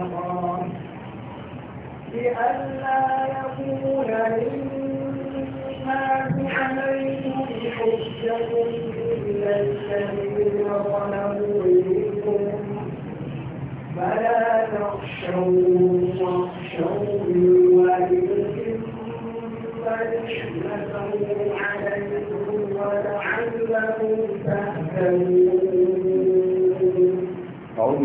أمرا لئلا يكون للناس عليهم حجة إلا الذين ظلموا منكم فلا تخشوا واخشوني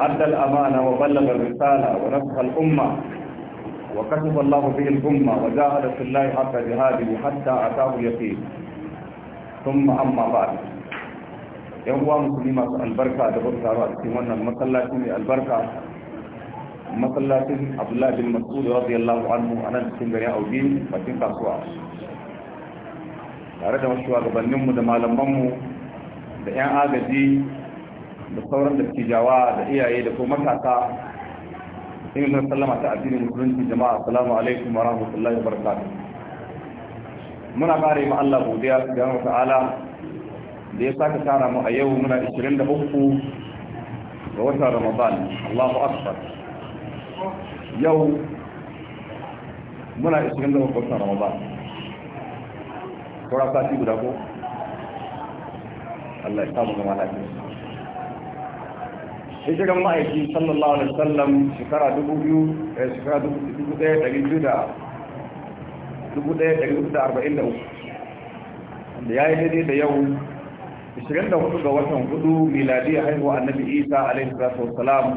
أدى الأمانة وبلغ الرسالة ونصح الأمة وكتب الله به الأمة وجاهد في الله حق جهاده حتى أتاه اليقين ثم أما بعد yan uwa musulmi masu albarka da bauta a cikin wannan masallacin mai albarka masallacin abdullahi bin mas'ud radiyallahu anhu a nan cikin garin audi kasuwa tare da shugabanninmu da malamanmu da 'yan agaji da sauran da tijawa da iyaye da kuma matasa in zan sallama ta addinin musulunci jama'a assalamu alaikum wa rahmatullahi wa barakatuh muna bare ma Allah godiya subhanahu wa ta'ala da ya saka tara mu a yau muna 23 ga watan Ramadan Allahu akbar yau muna 23 ga watan Ramadan kura sati guda ko Allah ya samu zama lafiya hijiran ma'aiki sallallahu alaihi wasallam shekara dubu biyu, 2000 eh, shekara dubu 1243 da dubu biyu da da arba'in uku, ya yi daidai da yau 24 ga watan hudu 4 miladiya haihuwa annabi isa alaihi salatu wasalam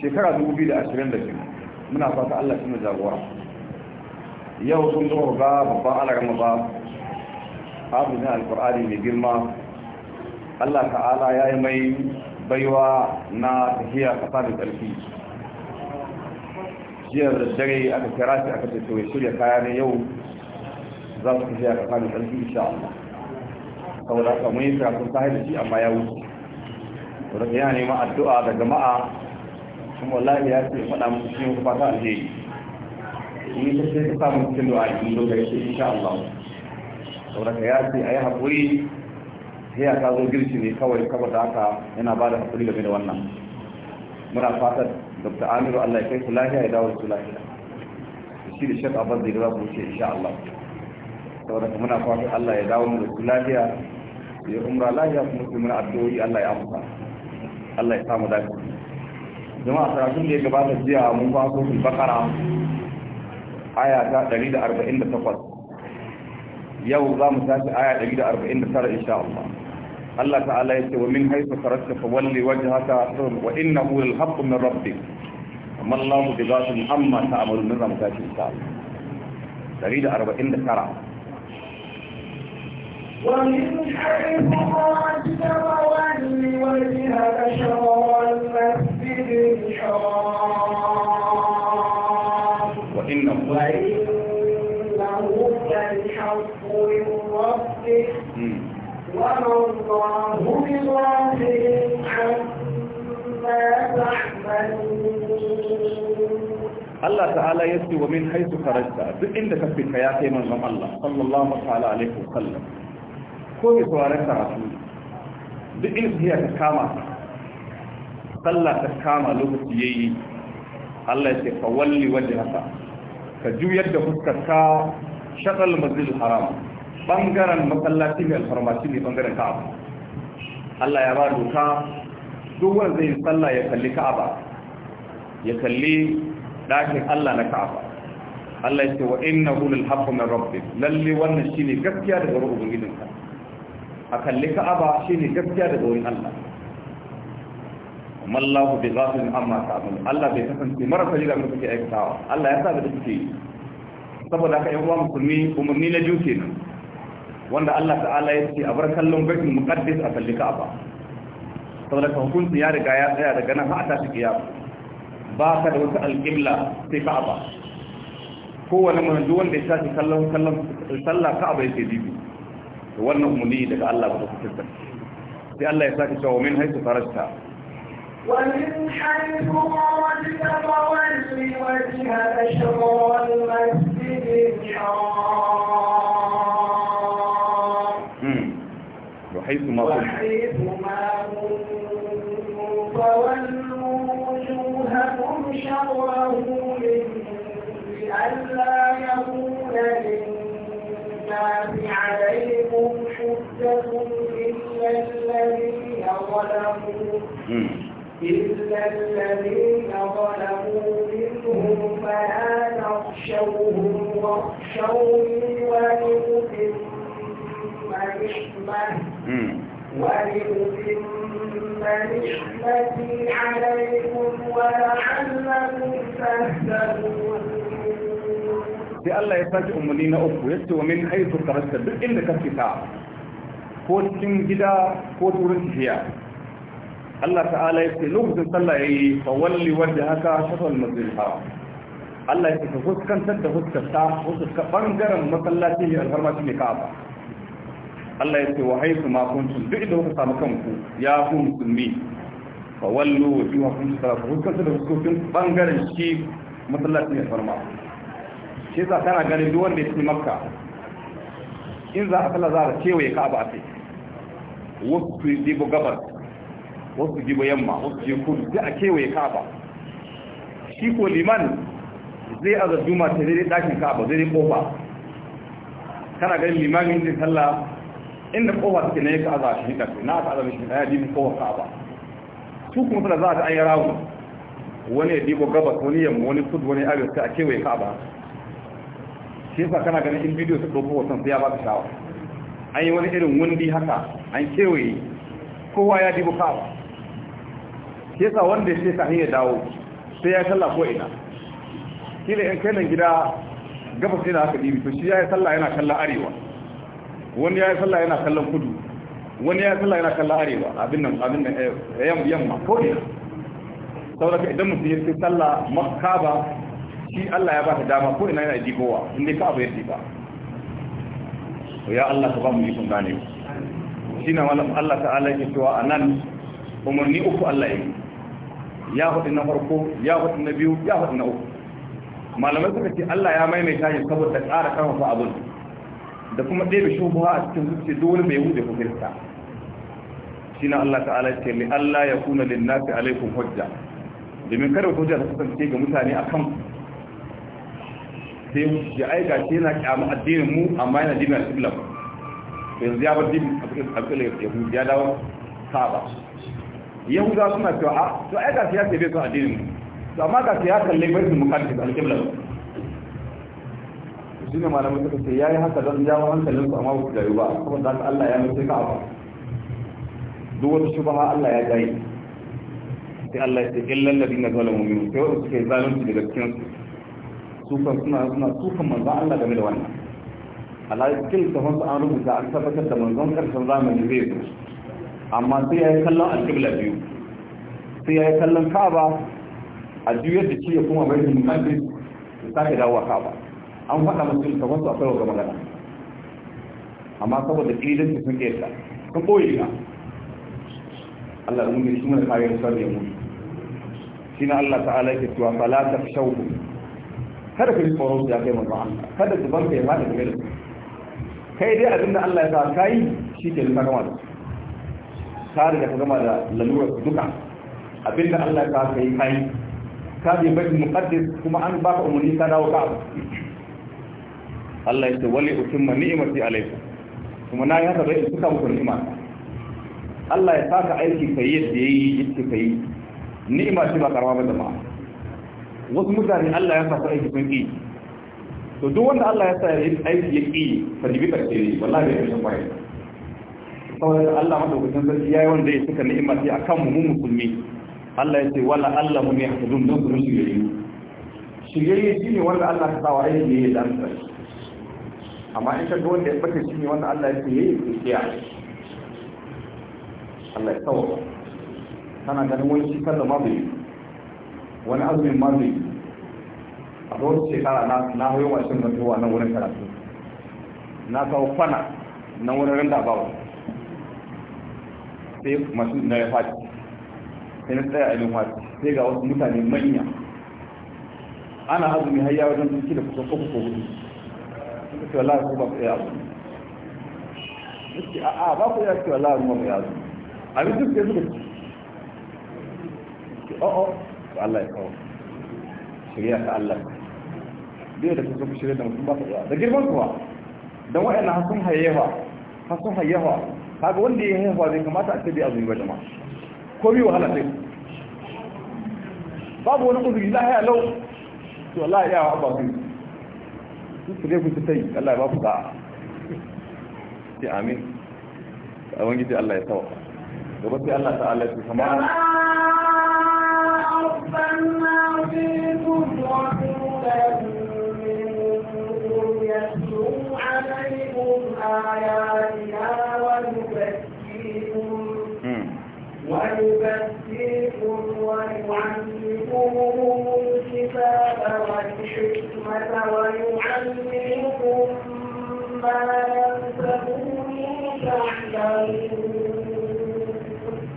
shekara 2022 muna fata Allah shi jagora yau sun zo ga babban alarma ba abu na alkur'ani mai girma Allah ta'ala ya yi mai baiwa na tafiya kasa da ƙarfi jiya da dare aka kira shi aka ce ya shirya kaya na yau za su tafiya kasa da ƙarfi insha Allah saboda haka mun yi karatun sahih da shi amma ya wuce saboda yana neman addu'a da jama'a kuma wallahi ya ce faɗa musu shi ku fata alheri in yi tafiya ka samu cikin da'a in zo da shi insha Allah saboda ka ya ce yi haƙuri hiya ta zo girki ne kawai da haka yana ba da hakuri game da wannan muna fatar dr amiru allah ya kai su lahiya ya dawo su lahiya shi da shek abbas zai za su wuce insha allah saboda kuma muna fatar allah ya dawo mu da su lahiya ya umra lahiya kuma su muna addu'o'i allah ya amsa allah ya samu dace jama'a karatun da ya gabata jiya mun ba su bakara aya ta 148 yau za mu tashi aya 149 insha Allah الله تعالى يتي ومن حيث خرجت فولي وجهك أطرم وإنه الحق من ربي اما الله بذات أما تعمل من رمضات الإنسان تريد ان ترى ومن حيث خرجت فولي وجهك شر والمسجد الحرام وإنه الله بظاهر عما تعملون Allah ta'ala ya ce wa min haisu farajta duk inda ka fita ya kai manzon Allah sallallahu ta'ala alaihi wasallam ko ki saurare karatu duk inda ya ta kama sallah ta kama lokaci yayi Allah ya ce fa walli wajhaka ka juyar da fuskarka shaqal masjidil haram bangaren masallaci mai alfarmaci ne bangaren ka'aba Allah ya ba doka duk wanda zai sallah ya kalli ka'aba ya kalli ɗakin Allah na ka'aba Allah ya ce wa inna lil haqqi min rabbik lalle wannan shine gaskiya daga wurin ubangijinka a kalli ka'aba shine gaskiya daga wurin Allah amma Allah bi ghafilin amma ta'malun Allah bai kasance mara fali da kuke aikatawa Allah ya sa da kuke saboda haka yi uwa musulmi umarni na juke nan wanda Allah ta'ala ya ce a bar kallon bakin muqaddis a kalli Ka'aba saboda ka hukunci ya riga ya tsaya daga nan har ta shi kiyama ba ka da wata alƙibla sai Ka'aba kowane mun wanda ya tashi kallon kallon sallah Ka'aba yake to wannan umuni daga Allah ba ta fitar sai Allah ya saki cewa min haisu farasta ومن حيث خرجت فول وجهك شطر المسجد الحرام حيث ما كنتم فولوا وجوهكم شره لئلا يكون عليكم إلا الذين ظلموا إلا الذين ظلموا منهم فلا تخشوهم واخشوني Allah ya sake umarni na uku ya ce wa min haitu karasta duk inda ka fita ko cikin gida ko turin tafiya Allah ta'ala ya ce lokacin sallah yayi fa walli wajha haka shafa al-masjid Allah ya ce ka fuskantar da fuskarta fuskar bangaren masallaci ne alfarma ne ka'aba Allah ya ce wa haitu ma kuntum duk inda kuka samu kanku ya fi musulmi fa wallu wujuhakum salatu fuskantar da fuskokin bangaren shi masallaci ne alfarma shi yasa tana ganin duk wanda ya ci makka in za a sallah za a kewaye ka'aba a sai wasu su dibo gabas wasu dibo yamma wasu jibo kudu sai a kewaye ka'aba shi ko liman zai aza juma ta zai dakin ka'aba zai kofa kana ganin liman yin sallah inda kofa take ne ka a shi hidda na aka aza shi daya dibo kofa ka'aba su kuma sallah za a ta ayyara wani ya dibo gabas wani yamma wani kudu wani arewa sai a kewaye ka'aba shi yasa kana ganin in bidiyo su dauko wasan sai ya ba ka sha'awa an yi wani irin wundi haka an kewaye kowa ya dibu kawa shi yasa wanda ya ce kafin dawo sai ya salla ko ina ne in kai nan gida gabas na haka dibi to shi ya yi yana kallon arewa wani ya yi yana kallon kudu wani ya yi yana kallon arewa abin nan abin nan eh, yamma ko ina saboda idan mutum ya ce sallah makaba. shi Allah ya ba ta dama ko ina yana dibowa in dai ka abu yadda diba ya Allah ka ba mu ikon gane shi na malam Allah ta'ala yake cewa anan umarni uku Allah ya ya hudu na farko ya hudu na biyu ya hudu na uku malamai suka ce Allah ya maimaita shi saboda ƙara karfafa abin da kuma ɗebe shubuha a cikin zuciya dole mai hudu ko kirista shi na Allah ta'ala ce li Allah ya kuna linnasi alaikum hujja domin kada hujja ta kasance ga mutane a kan sai ya aika shi yana kyamu addinin mu amma yana dinin alƙibla mu yanzu ya bar dinin alƙibla yahudu ya dawo saba yahuda suna cewa a ah, to aika shi ya ce bai son addinin mu to amma ka ce ya kalle bai sun mukaddis alƙibla mu shi ne malamai suka ce ya yi haka don jawo hankalin su amma ba su jayu ba saboda haka Allah ya mutu ka ba duk wata shubaha Allah ya jayi sai Allah ya ce illal ladina zalamu minhum sai wanda suke zalunci daga cikin su sukan suna suna sukan manzon Allah game da wannan alai cikin tafan su an rubuta an tabbatar da manzon karshen zamani zai zo amma sai ya yi kallon alƙibla biyu sai ya yi kallon ka'aba a juyar da shi ya kuma bai hin mafi su sake dawowa ka'aba an faɗa musu cikin tafan su akwai wa magana amma saboda ƙilin su sun ƙeta sun ɓoye na Allah ya mun yi shi mun kare sarri mu shi na Allah ta'ala yake cewa fala ta shauku kada ka yi tsoron su ya kai manzo Allah kada su ka ya fada game da su kai dai abin da Allah ya sa ka yi shi ke ka gama da su ka riga ka gama da lalurar duka abin da Allah ya sa ka yi ka bi bai muqaddas kuma an baka umarni ka dawo ka Allah ya ce wali utimma ni'mati alaikum kuma na yi haka bai suka muku ni'ima Allah ya saka aiki kai yadda yayi yadda kai ni'ima ce ba karama ba jama'a wasu mutane Allah ya sa su aiki sun ƙi to duk wanda Allah ya sa ya aiki ya ƙi ta dibi ta ne wallahi ya kashe kwaye saboda Allah madaukakin ya yi wanda ya suka ni'ima ce kan mu musulmi Allah ya ce wala Allah mu ne hadun don su rushe yayi shi ne wanda Allah ya sa wa aiki ne ya dan sarki amma in ka ga wanda ya bace shi ne wanda Allah ya ce yi kusiya Allah ya tsawo kana ganin wani shi kan da ma bai wani azumin ma a zuwa shekara na na hoyo wa shin na nan wurin karatu na kawo kwana na wurin randa bawa sai mashin na ya faɗi sai na tsaya a ilin sai ga wasu mutane manya ana azumi har ya wajen duki da kusan uku ko hudu suka ce wallahi ko ba ku iya azumi suke a a ba ku iya ce wallahi ba ku iya azumi abin duk sai suka ce o'o oh, oh. to Allah ya kawo shirya ta Allah duk da kuka shirya da mutum ba ta iya da girman kuwa dan wa'ina har sun hayyawa har sun hayyawa kaga wanda ya yi hayyawa zai kamata a ce bai azumi ba jama ko bi wahala sai babu wani uzuri lahiya lau to Allah ya yawa ba su su ne ku ta sai Allah ya ba ku da'a sai amin a wani Allah ya tawa gaba sai Allah ta'ala su kamar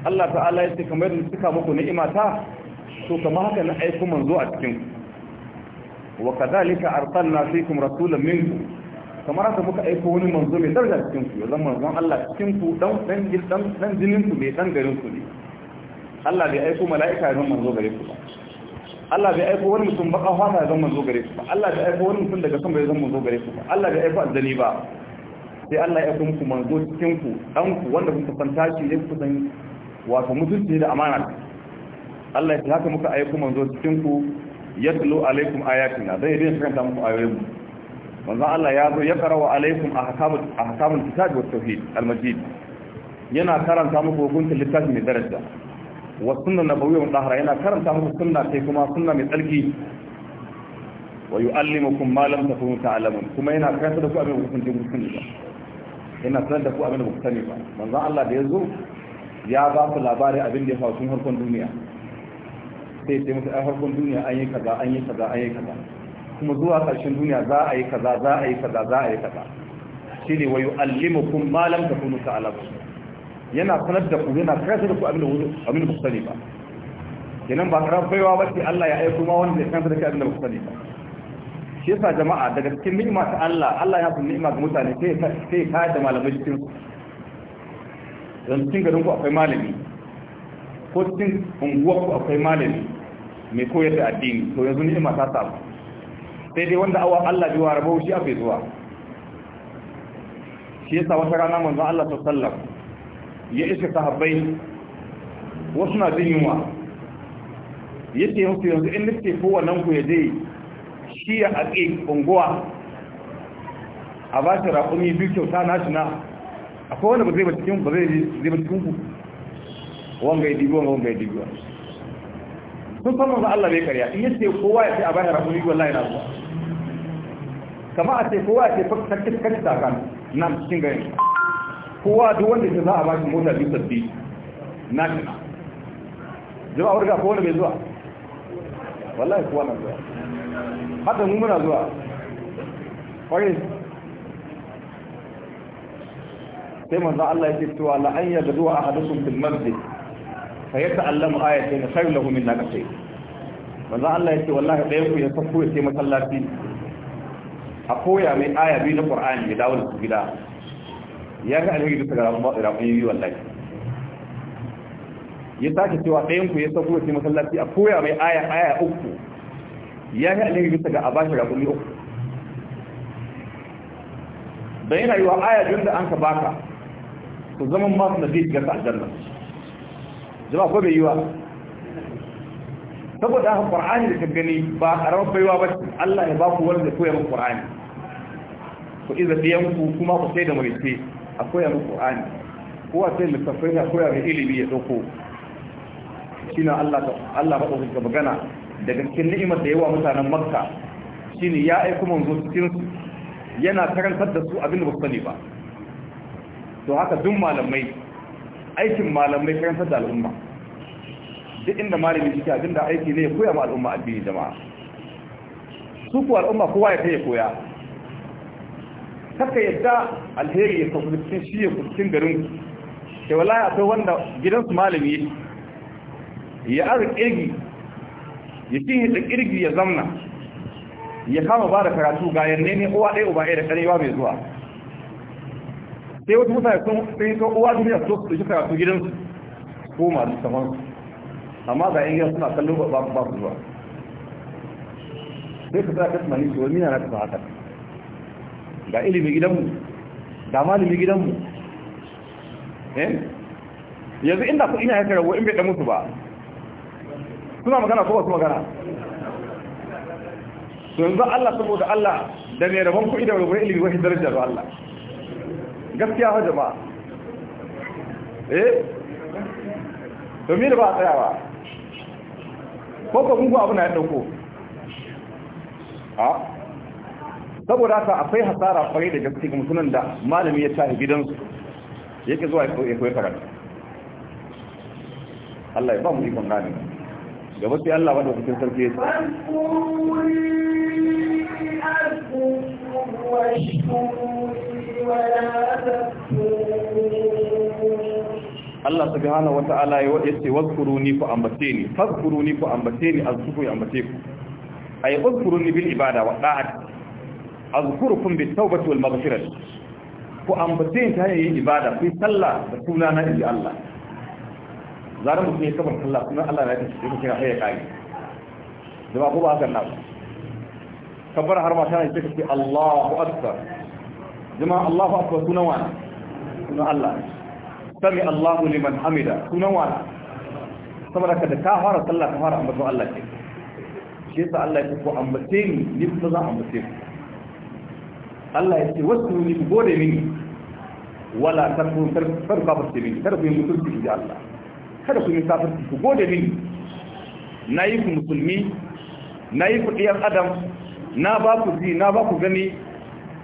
Allah ta'ala ya ce kamar da suka muku ni'imata to kama haka na aiko manzo a cikin wa kadhalika arsalna fikum rasulan minkum kamar haka muka aiko wani manzo mai daraja cikin ku yanzu manzon Allah cikin ku dan dan dan dan jinin ku mai dan garin ku ne Allah bai aiko mala'ika ya manzo gare ku ba Allah bai aiko wani mutum baka fata ya manzo gare ku ba Allah bai aiko wani mutum daga sama ya zama manzo gare ku ba Allah bai aiko aljani ba sai Allah ya kuma manzo cikin ku dan ku wanda kuka san tashi ne kuka san wato mutunci da amana Allah ya haka muka aiko manzo cikin ku yatlu alaikum ayatina dai dai kan ta muku ayoyin manzo Allah ya zo ya karawa alaikum ahkamul ahkamul kitab wa tauhid al-majid yana karanta muku hukuncin littafi mai daraja wa sunna nabawiyya mutahhara yana karanta muku sunna sai kuma sunna mai tsarki wa yu'allimukum ma lam takunu ta'lamun kuma yana karanta da ku abin hukuncin hukuncin ba yana sanar da ku abin da ku sani ba manzo Allah da ya zo ya ba ku labari abin da ya faru tun harkon duniya sai ya taimaka a farkon duniya an yi kaza an yi kaza an yi kaza kuma zuwa ƙarshen duniya za a yi kaza za a yi kaza za a yi kaza allima kun malam ka kuma ta ta'lamun yana sanar da ku yana karanta da ku abin da abin da ku sani ba kenan ba rafa yawa ba ce Allah ya aiko ma wanda ya karanta da kai abin da ku sani ba shi yasa jama'a daga cikin ni'ima ta Allah Allah ya fi ni'ima ga mutane sai sai ka da malamai cikin ku. dan cikin garin ku akwai malami ko cikin unguwar ku akwai malami mai koyar da addini to yanzu ma ta ba sai dai wanda awa Allah biwa rabo shi a zuwa shi yasa wata rana manzo Allah sallallahu ya isa sahabbai wasu na jin yunwa yace musu yanzu in nake ko wannan ku ya je shi ya aƙi unguwa a ba shi raƙumi biyu kyauta na shi na akwai wanda ba zai ba cikin ba zai ba cikin ku wanga ya dibi wanga wanga ya dibi Sun san manzo Allah bai karya in yace kowa ya ce a bayan rabu wallahi na zuwa kama a ce kowa ya ce fakka kakkar da nan cikin gari kowa duk wanda ya za a ba shi mota biyu sabbi na kina jama'a warga ko wanda bai zuwa wallahi kowa na zuwa hada mu muna zuwa kwarai sai manzo Allah ya ce to la an yadda zuwa yagdu ahadukum fil masjid fa allama ta'allamu ayatin khairu lahu min naqsi manzo Allah yace wallahi ɗayan ku ya sako ya ce masallaci a koya mai aya biyu na Qur'ani ya dawo da gida ya ga alheri da ga rabon yi wallahi ya sake cewa ɗayan ku ya sako ya ce masallaci a koya mai aya aya uku ya ga alheri da ga abashi rabon uku dan yana yi wa aya biyun da an ka baka to zaman masu su da shiga aljanna Zama ko bai yi wa saboda haka qur'ani da ka gani ba karamar baiwa ba Allah ya ba ku wanda koya muku qur'ani ku iza biyan kuma ku sai da mulki a koya muku qur'ani ko a sai littafai a koya mai ilimi ya dauko shine Allah Allah ba ku magana daga cikin ni'imar da yawa mutanen Makka shine ya aika manzo cikin su yana karantar da su abin da ba su sani ba to haka duk malamai aikin malamai karantar da al'umma duk inda malami shi abin da aiki ne ya koya ma al'umma addini jama'a su ku al'umma kowa ya kai ya koya kaka yadda alheri ya kafa cikin shi ya cikin garin ke walaya akwai wanda gidansu malami ya aza kirgi ya shi hita kirgi ya zamna ya kama ba da karatu ga yanne ne uwa ɗaya uba ɗaya da ƙarewa mai zuwa sai wasu mutane sun sai to uwa duniya su su shi karatu gidansu ko masu saman amma ga yan suna kallon ba ba su zuwa sai ka tsaya ka su wani yana na ta haka ga ilimi gidanmu ga malami gidanmu eh yanzu inda ku ina ya karawo in bai da musu ba suna magana ko ba su magana to yanzu Allah saboda Allah da mai rabon kuɗi da rabon ilimi daraja darajar Allah gaskiya ha ba eh domin ba a tsaya ba ko mugu abu na ya dauko a ah? saboda haka akwai hasara kwarai da gaske ga mutunan da malami ya tafi gidansu yake zuwa ya koyi karatu Allah ya ba mu ikon gane gaba sai Allah wanda kusan sarki ya tsaya Allah subhanahu wata'ala ya wace wazkuru ni ku ambace ni fazkuru ni ku ambace ni azkuru ya ambace ku ay uzkuru ni bil ibada wa da'at azkurukum bit tawbati wal maghfirah ku ambace ni ta yi ibada ku sallah da sunana inji Allah zaran mutum ya kabar sallah sunan Allah na tafi yake kira hayya kai da ba ku ba Ka na kabar har ma tana ce Allahu akbar jama'a Allahu akbar kuna wa Kuna Allah sami Allahu liman hamida sunan wa saboda ka da ka fara sallah ka fara ambaton Allah ke shi yasa Allah ya ce ko ambace ni ni kuma zan ambace ku Allah ya ce wasu ni ku gode mini wala tarku tarku kafirci mini tarku yin mutunci da Allah kada ku yi kafirci ku gode mini na yi ku musulmi na yi ku ɗiyar adam na ba ku ji na ba ku gani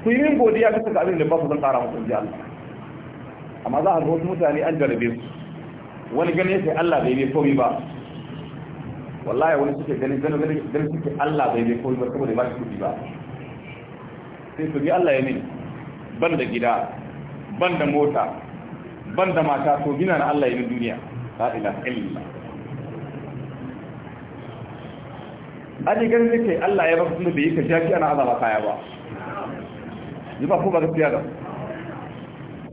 ku yi min godiya bisa ga abin da ba su zan tsara mutum jihar amma za a ga wasu mutane an jarabe su wani gani ce Allah bai bai komi ba wallahi wani suke gani gani ganin suke Allah bai bai komi ba saboda ba su kudi ba sai su bi Allah ya min ban da gida ban da mota ban da mata to gina na Allah ya min duniya la ilaha illallah aji ganin nake Allah ya ba su da yi ka jaki ana azaba kaya ba ba ko ba gaskiya ba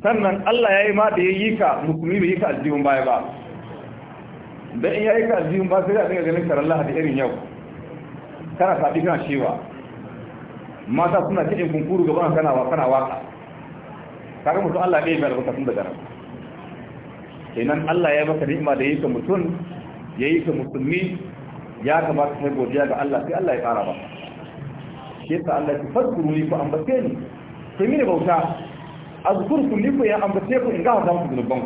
sannan Allah yayi ma da yayi ka musulmi bai yi ka aljihun baya ba da in yayi ka aljihun ba sai ka dinga ganin karar Allah da irin yau kana sabi kana shewa mata suna cikin kunkuru gaban kana wa kana waka kaga mutum Allah bai mai da tun daga nan kenan Allah ya maka ni'ima da yayi ka mutum yayi ka musulmi ya kamata kai godiya ga Allah sai Allah ya kara ba shi yasa Allah ya fadkuru ni ko an ambace ni ku mini bauta a ni ku ya ambace ku in ga hadan ku zunuban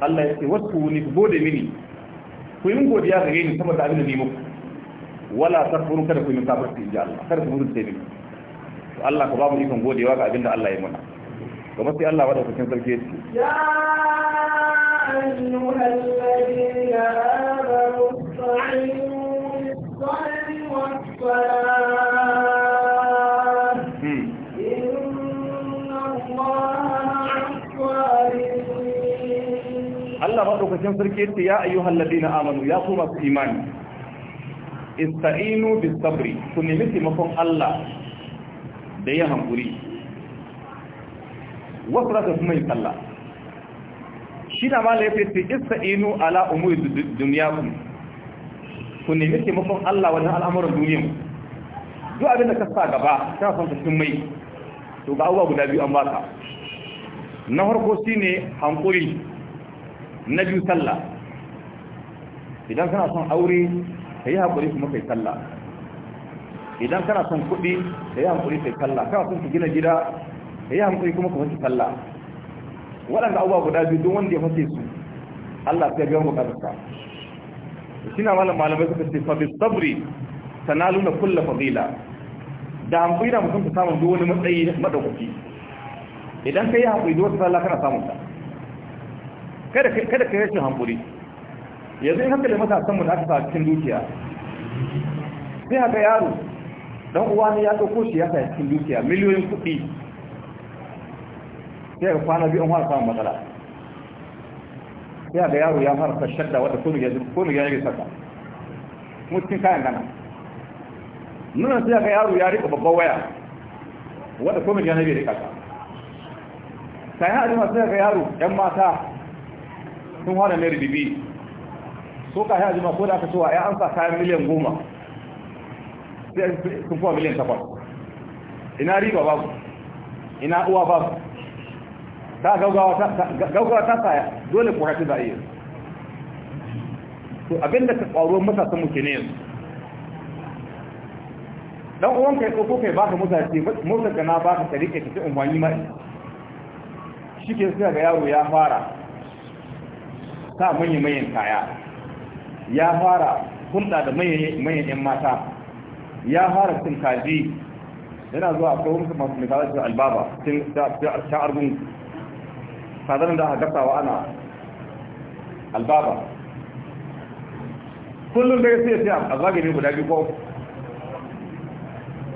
Allah ya ce wasu ni ku gode mini ku yi godiya gare ni saboda abin da nemo muku wala furu kada ku yi kafirci inji Allah kada ku sai ni Allah ku ba mu ikon godewa ga abin da Allah ya muna kuma sai Allah wada kucin sarki ya ce ya ayyuhal ladina madaukakin sarki yace ya ayyuhal ladina amanu ya kuma su imani ista'inu bis sabri ku nemi taimakon Allah da ya hankuri wasu ta su kuma yin shi da mala yace fi ista'inu ala umuri duniya ku ku nemi taimakon Allah wannan al'amuran duniyan duk abin da ka sa gaba ta son ka mai to ga abubuwa guda biyu an baka na farko shine hankuri na biyu sallah idan kana son aure ka yi haƙuri kuma kai sallah idan kana son kuɗi ka yi haƙuri kai sallah kana son ka gina gida ka yi haƙuri kuma ka fashe sallah waɗanda abubuwa guda biyu don wanda ya fashe su Allah sai biyan bukatarsa shi na malam malamai suka ce fabi sabri luna kulla fadila da hankali na mutum ka samun duk wani matsayi madaukaki idan ka yi haƙuri da wata sallah kana samun ta kada ka ka rashin hankuri yanzu in hankali matasan mu da aka sa cikin dukiya sai haka yaro don uwa ne ya ɗauko shi ya sa cikin dukiya miliyoyin kuɗi sai ga kwana biyu an fara samun matsala sai ga yaro ya fara fashar da wadda kunu ya kunu ya rage saka mutum kayan gana nuna sai ga yaro ya riƙa babban waya wadda kunu ya rage rika ka sai haɗin masu sai ga yaro yan mata sun hana mai ribibi so ka haji ma ko da aka cewa ya an sa kayan miliyan goma sai sun kuwa miliyan takwas ina riba ku? ina uwa ba ku ta gaugawa ta saya dole ku haɗu da iya to abinda ka ƙwaruwar matasan muke ne yanzu dan uwan kai ko kai baka mutace motsa gana baka ka rike ka ci umarni mai ke sai ga yaro ya fara sa manya-manyan kaya ya fara hulɗa da manyan 'yan mata ya fara cin kaji yana zuwa a kawo masu mai kaza albaba cin sha'ar gun da aka gasawa ana albaba kullum da ya sai sai a zagaye guda biyu ko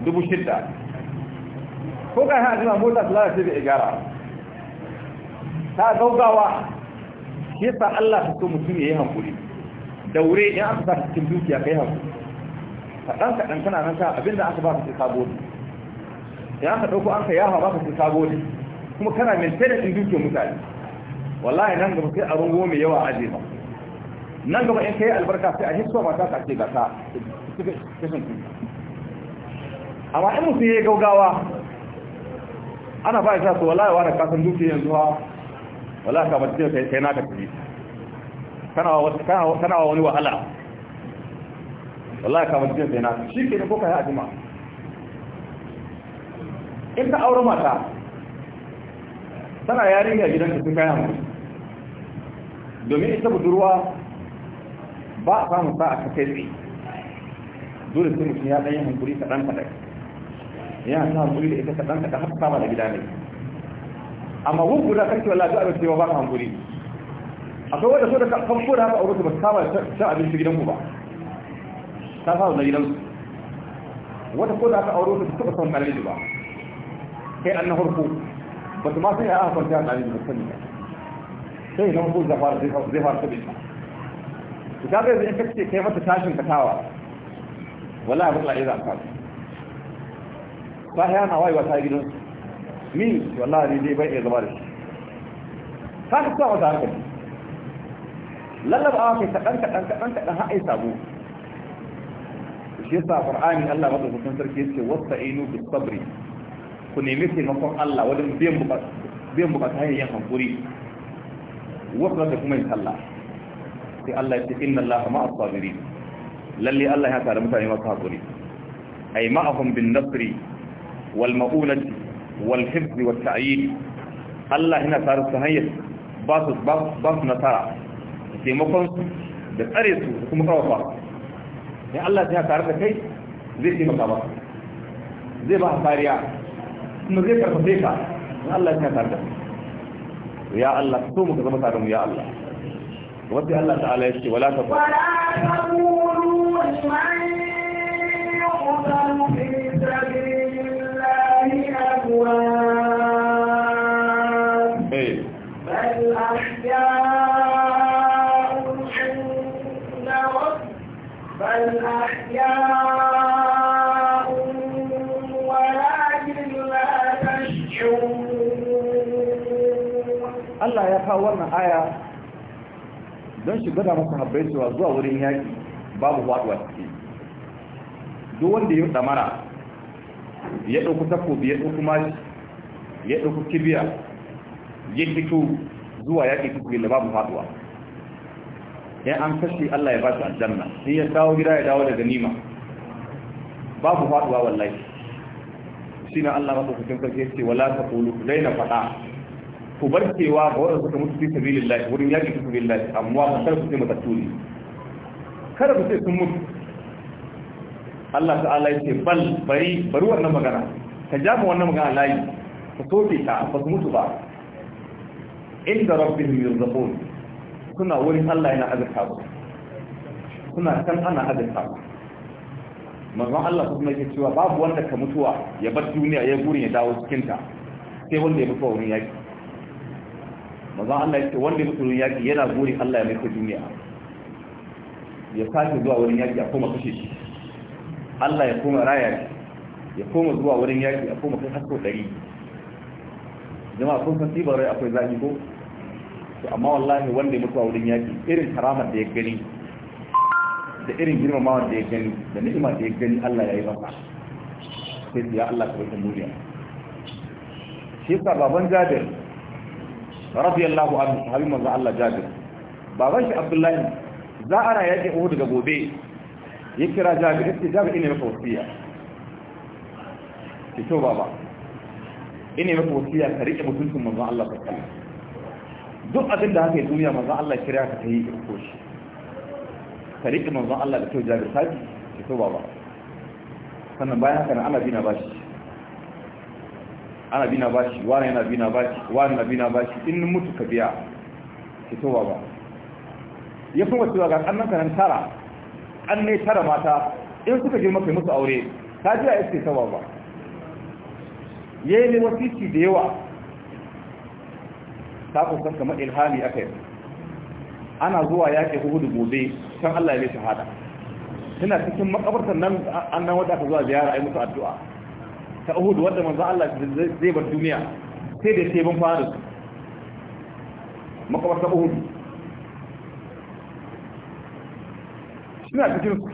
dubu shidda ko kai hajjina mota su lalace da igara ta gaugawa shi yasa Allah ta so mutum ya yi hankuri daure in aka sa cikin dukiya kai hankuri kaɗan kaɗan kana nan ka abinda aka ba ka sai sabo ne ya ka ɗauko an ka yawa ba ka sai sabo ne kuma kana maintainer ɗin dukiyar mutane wallahi nan gaba sai a rungo mai yawa aje ba nan gaba in kai albarka sai a hissuwa mata ka ce ga ta kashin kuma amma in mutum ya yi gaugawa ana ba ya sa su wallahi wani kasan dukiyar yanzu wala ka mace sai sai naka tafi kana wa kana wa wani wahala wallahi ka mace sai naka shi ke ko kai ajima in ka aure mata tana yarinya gidanka sun kai amma domin ita budurwa ba a samun sa a kakai shi dole sai mutum ya yi hankuri kaɗan kaɗan ya sa hankuri da ita kaɗan kaɗan har ba da gida ne amma gun guda kake wallahi duk abin cewa ba ka hankuri akwai wanda so da farko da haka a wurin ba su saba cin abinci gidan ku ba ta saba na gidansu wata ko da haka a wurin ba su taba son kalin ba Kai an na farko ba su ma sai ya aka kwanta a kalin ba sani ba sai na farko zai fara zai fara sabi ta ta ga yanzu in ce kai mata tashin katawa wallahi ba ta iya zaka ba ta yana wayewa ta gidansu ni wallahi ni dai bai iya zama da shi ta ka sa wata hankali lallaba a kai kaɗan kaɗan kaɗan kaɗan har ai sabo shi yasa qur'ani Allah madaukakin sarki ya ce yace inu bis sabri ku nemi taimakon Allah wajen biyan bukata biyan bukata hanyar yin hankuri wasa da kuma yin sallah sai Allah ya ce inna Allah ma'a sabirin lalle Allah ya tare mutane masu hakuri ay ma'ahum bin nasri wal ma'unati wal hifz wa ta'yid Allah yana tsare su hanyar ba su nasara da taimakon su da tsare su kuma kawafa in Allah ya tare da kai zai taimaka ba zai ba kariya kuma zai karfafe ka in Allah ya da kai ya Allah so mu ka zama tare mu ya Allah wadda Allah ta'ala ya ce wala ta wala ta Allah ya kawo wannan aya don shiga da zuwa wurin yaki, babu wadda wasu ke. Duk wanda yi damara ya ɗauku takobi ya ɗauku mashi ya ɗauku kibiya ya fito zuwa yaƙi tukuri da babu faɗuwa yan an kashe Allah ya ba su aljanna sai ya dawo gida ya dawo da ganima babu faɗuwa wallahi shi na Allah maɗaukakin sarki ya ce wala ta kulu ku daina faɗa ku bar cewa ga waɗanda suka mutu fi sabilillahi wurin yaƙi fi sabilillahi amma ku kar ku ce matattu ne kada ku ce sun mutu Allah ta'ala ya ce bal bari bari wannan magana ka ja mu wannan magana layi ka tofe ta ba su mutu ba inda rabbihim yurzaqun kuna wurin Allah yana azurta ku kuna san ana azurta ku manzo Allah kuma yake cewa babu wanda ka mutuwa ya bar duniya ya gurin ya dawo cikin ta sai wanda ya mutu wurin yaki manzo Allah yake wanda ya mutu wurin yaki yana gurin Allah ya mai duniya ya sake zuwa wurin yaki a koma kashe shi Allah ya koma raya ya koma zuwa wurin yaki a koma kai hasko ɗari jama'a sun san tsibar rai akwai zaki ko to amma wallahi wanda ya mutuwa wurin yaki irin karamar da ya gani da irin girmamawa da ya gani da ni'ima da ya gani Allah ya yi masa sai su ya Allah ka bata duniya shi yasa baban Jabir radiyallahu anhu sahabi manzo Allah Jabir baban shi Abdullahi za a raya yake uhu daga gobe ya kira jami'in ce jami'in ne maka wasiya ki ba. baba ina maka wasiya ka riƙe mutuncin manzon Allah ta kalla duk abin da haka yi duniya manzon Allah kira ka yi ka shi. ka riƙe manzon Allah da kyau jami'in sabi ki to ba. sannan bayan haka na ana bina bashi ana bina bashi wani yana bina bashi wani na bina bashi in mutu ka biya ki to ba. ya kuma cewa ga kannan kanan tara An ne tara mata in suka girma kai musu aure ta ji a iske sama ba ya yi wasiki da yawa ta kusan kamar ilhami a kai ana zuwa yaƙi hudu gobe can Allah ya mai shahada tana cikin makabartar nan an nan wadda aka zuwa ziyara ai musu addu'a ta uhudu wadda manzan Allah zai bar duniya sai da sai ban fara makabartar uhudu Suna cikin su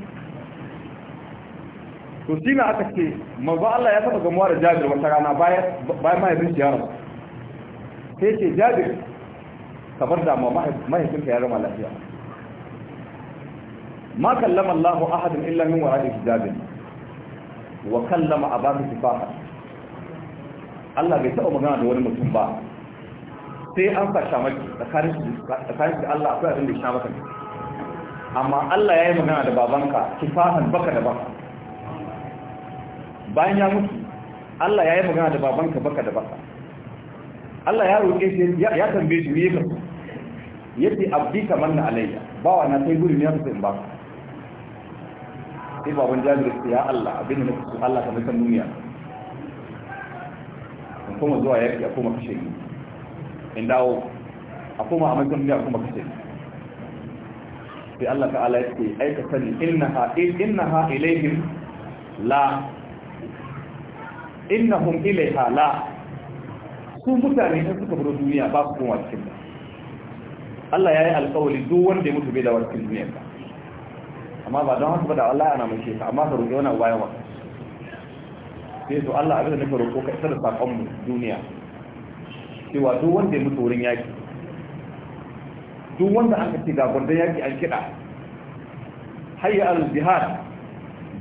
to shi na aka ce manzo Allah ya saba gamuwa da Jabir wata rana bayan bayan mahaifin shi yaro sai ce Jabir ka bar da ma mahaifin ka yaro lafiya ma kallama Allahu ahadin illa min wara'i hijabin wa kallama abahu tifaha Allah bai taba magana da wani mutum ba sai an sa shamaki tsakanin da Allah akwai abin da ya shamaka ne amma Allah ya yi magana da babanka kifafan baka da baka bayan ya mutu Allah ya yi magana da babanka baka da baka Allah ya roƙe shi ya tambaye shi yake yace abdi kaman na alayya bawa na sai ne ya tafi in ba sai baban jabir ya Allah abin da su Allah ka san duniya kuma zuwa yake kuma kashe ni in dawo a kuma a mutum ya kuma kashe ni sai Allah ta'ala ya ce aika sani innaha innaha ilaihim la innahum ilaiha la su mutane sun suka fito duniya ba su kuma cikin Allah ya yi alƙawari duk wanda ya mutu bai da cikin duniya ba amma ba don haka ba da Allah ana mace ka, amma ka roƙi wani abu bayan wata sai to Allah abin da nake roƙo ka isar da sakon mu duniya cewa duk wanda ya mutu wurin yaƙi. duk wanda aka kace ga gwandan yaki an kiɗa hayya al jihad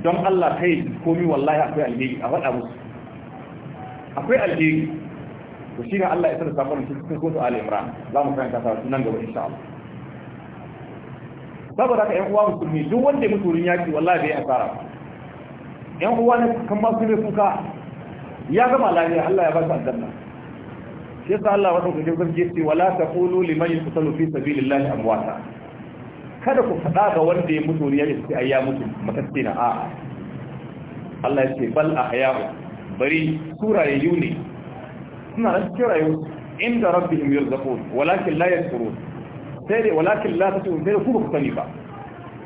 don Allah kai komi wallahi akwai alheri a faɗa musu akwai alheri to shi ne Allah ya sanar sakon shi cikin kotu Ali Imran za mu karanta ta nan gaba insha Allah saboda haka ƴan uwa musulmi duk wanda ya mutu wurin yaki wallahi bai asara ba ƴan uwa ne kan ba su ne kuka ya gama lafiya Allah ya ba su aljanna shi yasa Allah wa dauke sarki yace wala taqulu liman yuqtalu fi sabilillahi amwata kada ku faɗa ga wanda ya mutu ne yace ai ya mutu matacce na a'a. Allah ya yace bal ahya'u bari sura ne. suna da cikin rayuwa inda rabbi rabbihim zafo walakin la tsoro, sai dai walakin la tashkurun sai da kuma kusa sani ba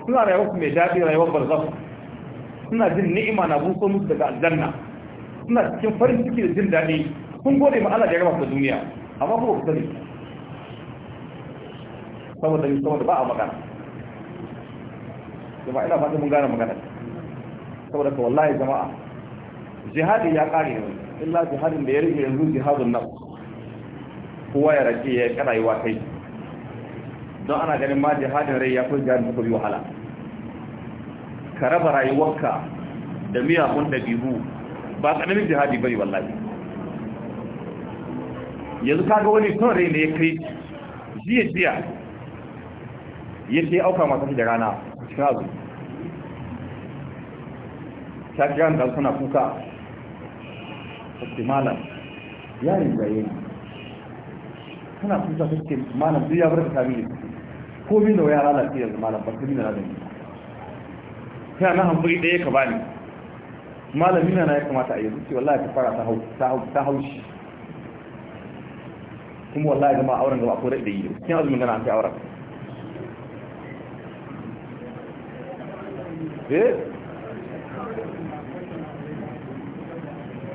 suna rayuwa mai dadi rayuwar barzakh suna jin ni'ima na buso musu daga aljanna suna cikin farin ciki da jin daɗi. kun gode ma Allah da ya gabata duniya amma kuma ku sani saboda ni saboda ba a magana jama'a ina fata mun gane magana saboda ka wallahi jama'a jihadi ya kare ne illa jihadin da ya rike yanzu jihadun nan kowa ya rage ya yi kai don ana ganin ma jihadin rai ya kusa jihadin kuma wahala ka raba rayuwarka da miyakun dabi'u ba tsananin jihadi bari wallahi yanzu kaga wani son rai ne ya kai jiya jiya ya ce auka masu da rana cikin azu ta kira da suna kuka ta malam ya yi zaye kana kuka ta ce malam duk ya bar ta kami ko min da ya fiye yanzu malam ba su min da lalace ta na hamburi ɗaya ka ni. malam mina na ya kamata a yanzu ce wallahi ta fara ta haushi kuma wallahi zama auren gaba ko rai da yi cikin azumin gana an kai auren eh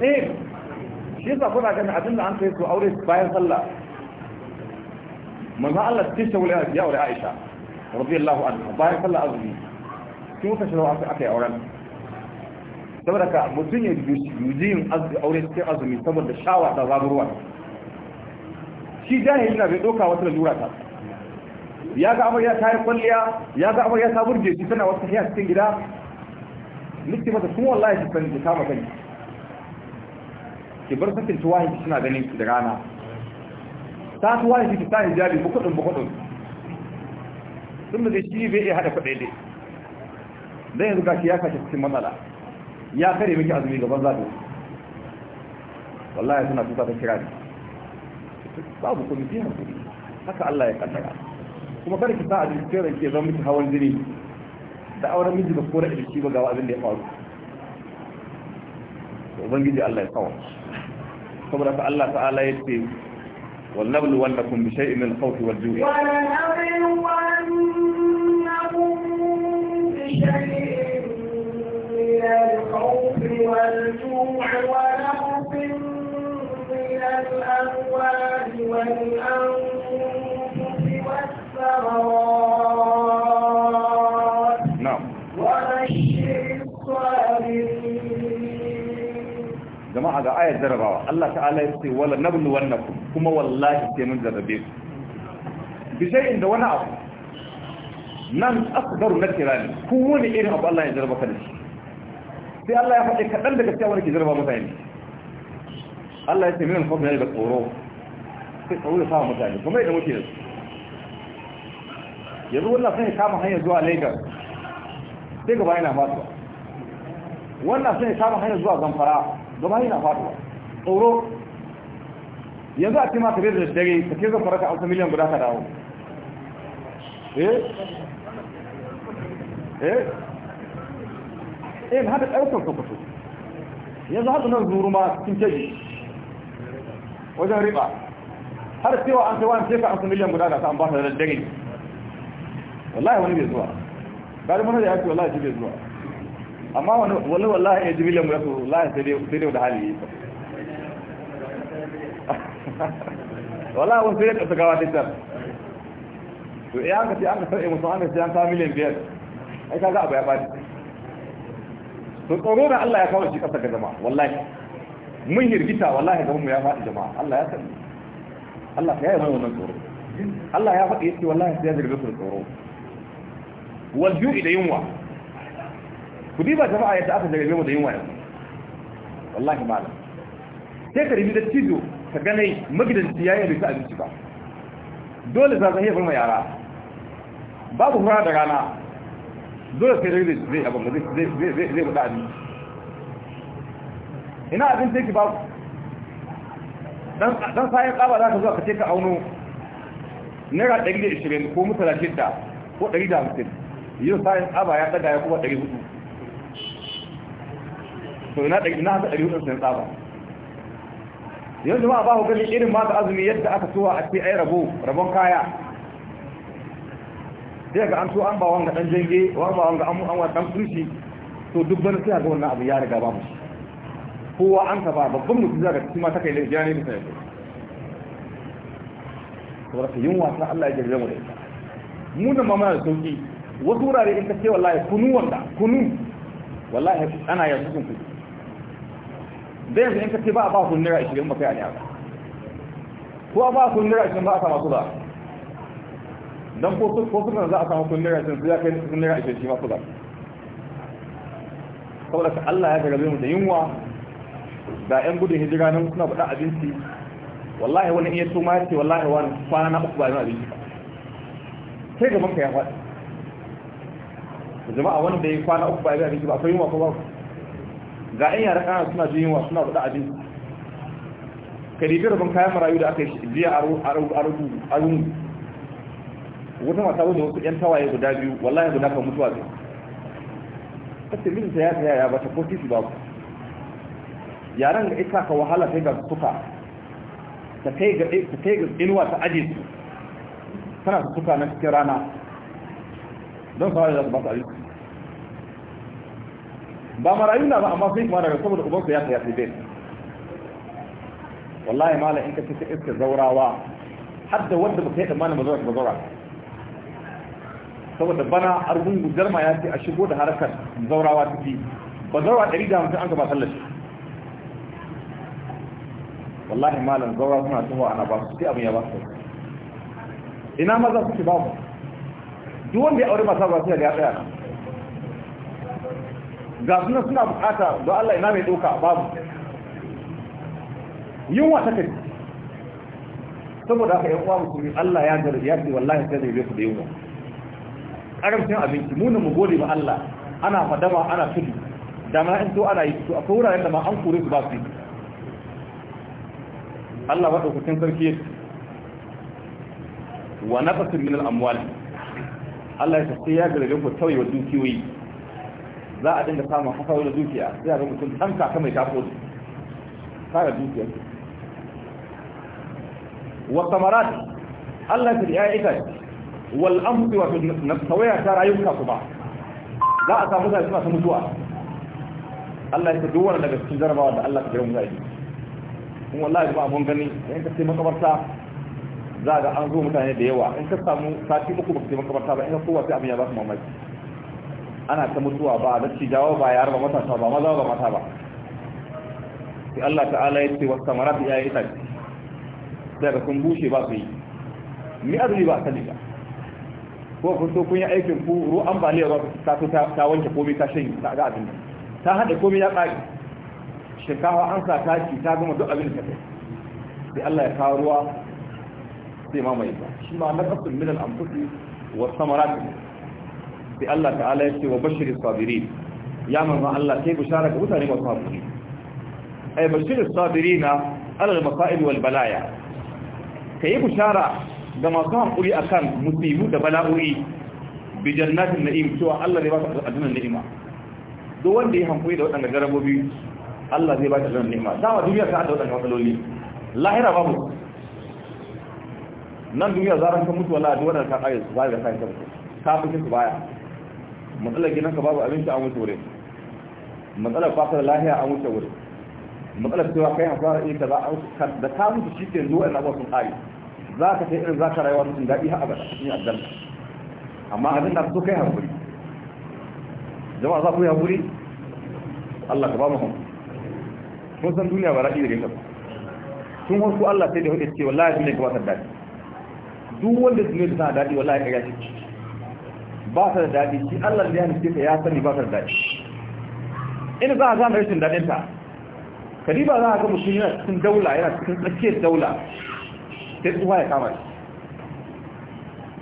eh shi yasa kuna ganin abinda an kai su aure bayan sallah manzo Allah tisha wala ya aure Aisha radiyallahu anha bayan sallah azumi kin wuta shi aka aka auren saboda ka mutun ya juji yin aure cikin azumi saboda shawa ta zaburwa shi jahili na bai doka wata lura ta ya ga amarya ta yi kwalliya ya ga amarya ta burge shi tana wata hiyar cikin gida nake mata kuma wallahi ya san da kama kai ki bar sakin tuwahi ki suna ganin ki da rana ta tuwahi ki ta hijabi ku kudin bukudin sun da shi bai iya hada kudai dai dan yanzu gashi ya kashe cikin matsala ya kare miki azumi gaban zabi wallahi suna tuka ta kira ne babu kuma ki haka Allah ya kaddara kuma kada ki sa a cikin ran ke zama miki hawan jini da auren miji ba ko da ilki ba ga abin da ya faru ubangiji Allah ya kawo saboda ka Allah ta'ala ya ce wallahu wa lakum bi shay'in min al-khawfi wal-ju'i wa la nablu wannakum bi shay'in jama'a ga ayar jarabawa Allah ta'ala ya ce wala nablu wannakum kuma wallahi sai mun jarabe su bi inda wani abu nan asgar na ne, ku wani irin abu Allah ya jarba ka da shi sai Allah ya faɗi kaɗan daga cewa wani ke jarba mutane Allah ya ce minan alfa ne da tsoro sai tsawo sama mutane kuma yadda muke yanzu yanzu wannan sun kama hanyar zuwa lagos sai gaba yana fatuwa wannan sun kama hanyar zuwa zamfara gaba yana fatuwa tsoro yanzu a cima tare da dare ta ke zamfara ta amsa miliyan guda ka dawo eh eh eh hada ɗaukar sokoto yanzu haka nan zuru ma cikin keji wajen riba har cewa an kai wani shekar an su miliyan guda da ta an ba su da daddare wallahi wani bai zuwa bari mana da ya ce wallahi shi bai zuwa amma wani wallahi ya ji miliyan guda su wallahi sai dai da hali yi wallahi wani sai ya kasa gawa ta can to iya an ka ce an ka sarƙe musu hannun sai an kawo miliyan biyar ai ka za a baya bani to tsoro da Allah ya kawo shi kasa ga jama'a wallahi mun hirgita wallahi ga mu ya faɗi jama'a Allah ya sani Allah ya yi mana wannan tsoro Allah ya faɗi yake wallahi sai ya jirga su tsoro wal ju'i yunwa ku diba jama'a yadda aka jirga mu da yunwa yanzu wallahi malam sai ka rubi da cizo ka ganai magidanci yayin da ka abinci ba dole za ka hefa ma yara babu fara da rana dole sai dai zai abin da zai zai zai zai ina abin sai ki dan sayan kaba za ka zuwa ka ce ka auno naira 120 ko mutala shidda ko 150 yau sayan kaba ya daga ya kuma 400 to ina ɗari ina haka 400 sayan kaba yau jama'a ba ku gani irin ma azumi yadda aka tuwa a ce ai rabo rabon kaya sai ga an so an ba wanga dan jenge wa wanga an wa dan kurshi to duk bana sai ga wannan abu ya riga babu shi kowa an ka ba babban mutum za cikin ci ma ta kai lafiya ne mutum ya ce saboda ka yin wasa Allah ya jirgin mu da ita mu da mamana da sauki wasu wurare in ka ce wallahi kunu wanda kunu wallahi ana yanzu kun kudi da yanzu in ka ce ba a ba su naira ishirin ba kai a ne Ko a ba kun naira ishirin ba a sama su ba dan ko su ko za a samu kun naira ishirin su ya kai kun naira ishirin shi ma su ba saboda ka Allah ya gargabe mu da yunwa da yan gudun hijira nan kuna faɗa abinci wallahi wani iya tuma ce wallahi wani kwana na uku ba abinci ba sai gaban ka ya faɗi jama'a wanda ya kwana uku ba abinci ba akwai yunwa ko ba ga yan yara kana suna jin yunwa suna faɗa abinci ka ribi rabin kayan marayu da aka yi jiya a rungu wata mata wani wasu yan tawaye guda biyu wallahi guda kan mutuwa zai ta ce mijinta ya tsaya ya bata ko titi babu yaran ga ita ka wahala sai ga suka ta kai ga inuwa ta aji su tana su suka na cikin rana don fara da su ba su abinci ba marayu na ba amma sai kuma daga saboda ubansu ya tafi bai wallahi mala in ka ce ta iska zaurawa har da wanda ba kai da mana mazaura ba zaura saboda bana argungu jarma ya ce a shigo da harkar zaurawa ciki ba zaura ɗari da 150 an gaba ba wallahi malam gawa suna tuwa ana ba su sai abin ya ba su ina maza suke babu duk wanda ya aure mata ba su ya tsaya nan ga suna suna bukata don Allah ina mai doka babu yunwa ta kai saboda haka yan uwa musulmi Allah ya garbi ya ce wallahi sai da yake da yunwa karamcin abinci mu ne mu gode ma Allah ana fadama ana tudu da ma in ana yi to akwai wuraren da ma an kore su ba su yi Allah maɗaukakin sarki ya wa naqasin min al-amwal Allah ya tafi ya gargaɗe ku tauye wa dukiyoyi za a dinga samun hasawa da dukiya sai a ga ɗan kaka mai kafo su kare dukiya wa samarat Allah ya tafi ya ita wal amfi wa tawaya ta rayuka kuma za a samu da suna ta mutuwa Allah ya tafi wannan daga cikin jarabawa da Allah ya karɓa mu zai kuma wallahi ba mun gani in ka ce makabarta za ga an zo mutane da yawa in ka samu sati uku baka ce makabarta ba in ka kowa sai abin ya ba su mamaki ana ta mutuwa ba a dace jawo ba ya ba matasa ba maza ba mata ba sai Allah ta'ala ya ce wasu samarat ya yi tafi sai ga sun bushe ba su yi ni azumi ba sani ba ko kun so kun yi aikin ku ruwan ambaliyar ba ta ta wanke komai ta shan ta ga abin ta hada komai ya tsari shekawa an sa taki ta gama duk abin da kai sai Allah ya kawo ruwa sai mamaye ba shi ma na kasu min al-anfusi wa samarat sai Allah ta'ala ya ce wa bashiri sabirin ya manzo Allah sai bishara ga mutane masu hakuri ay bashiri sabirina ala al-masa'ib wal balaya kai bishara ga masu hakuri akan musibu da bala'o'i bi jannatin na'im cewa Allah ne ba su adunan ni'ima duk wanda ya hankuri da waɗannan garabobi Allah zai ka zan nema dama duniya ta da wadannan matsaloli lahira babu nan duniya zaran ka mutu wala duk ka kai su ga sai ka ka fice su baya matsalar ginan ka babu abinci a mutu wurin matsalar fatar lahiya a mutu wurin matsalar cewa kai hasara ka za an da ka mutu shike zuwa ina ba sun kare za ka sai irin za ka rayuwa mutum daɗi har abada cikin aljanna amma abin da so kai hakuri jama'a za ku yi hakuri Allah ka ba mu hakuri kun san duniya ba raɗi da rinka sun wasu Allah sai da hudu ce wallahi duniya ba ta daɗi duk wanda duniya sana daɗi wallahi ka ce ba ta da daɗi shi Allah da ya nufi ta ya sani ba ta da daɗi in za a gane rashin daɗin ta ba za a ga mutum yana cikin daula yana cikin tsakiyar daula sai tsuwa ya kama shi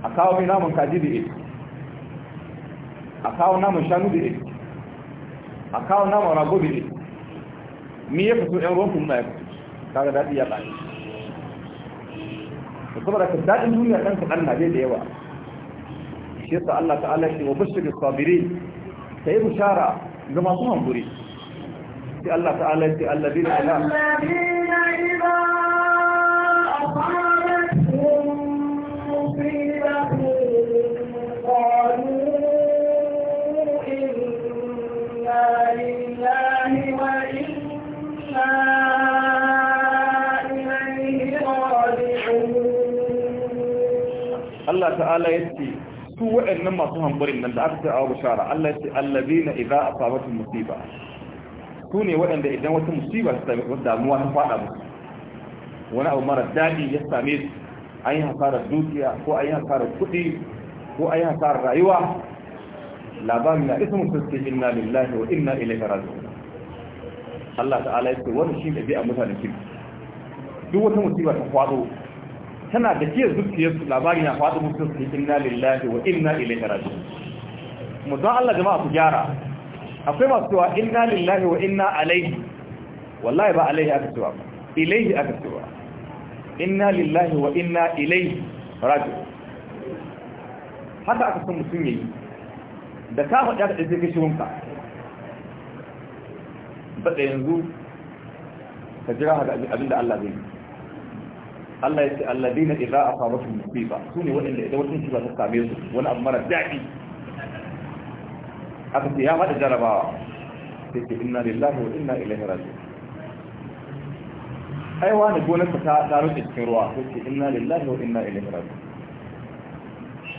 a kawo mai naman kaji da ita a kawo naman shanu da ita a kawo naman rago da ita mi ya fito yan ruwan kuma ya fito kaga daɗi ya ɓani da saboda ka daɗin duniya ɗan kaɗan bai da yawa shi yasa Allah ta'ala ce wa bashir sabirin ta yi bishara ga masu hamburi sai Allah ta'ala ya ce Allah bi da Allah ta'ala ya ce su waɗannan masu hamburin nan da aka ce awa bishara Allah ya ce allazina musiba su ne waɗanda idan wata musiba ta sami su damuwa ta fada musu wani abu mara daɗi ya same su an yi hasarar dukiya ko an yi hasarar kuɗi ko an yi hasarar rayuwa labarin na isa musu inna lillahi wa inna ilaihi raji'un Allah ta'ala ya ce wannan shi ne bi a mutanen duk wata musiba ta faɗo tana da kiyar zuciyarsu labari na faɗi mutum su inna lillahi wa inna ilaihi raji'un mu don Allah jama'a ku gyara akwai masu cewa inna lillahi wa inna alaihi wallahi ba alaihi aka cewa ba ilaihi aka cewa inna lillahi wa inna ilaihi raji'un haka aka san mutum yayi da ka faɗi aka ɗauke kashi wanka ba yanzu ka jira haka abinda Allah zai yi Allah ya ce alladina idza asabatu musiba ne waɗanda idan wata musiba ta same su wani abu mara daɗi aka ce ya faɗi jarabawa sai ce inna lillahi wa inna ilaihi raji'un Aiwa ne gonar ta ta rufe cikin ruwa sai ce inna lillahi wa inna ilaihi raji'un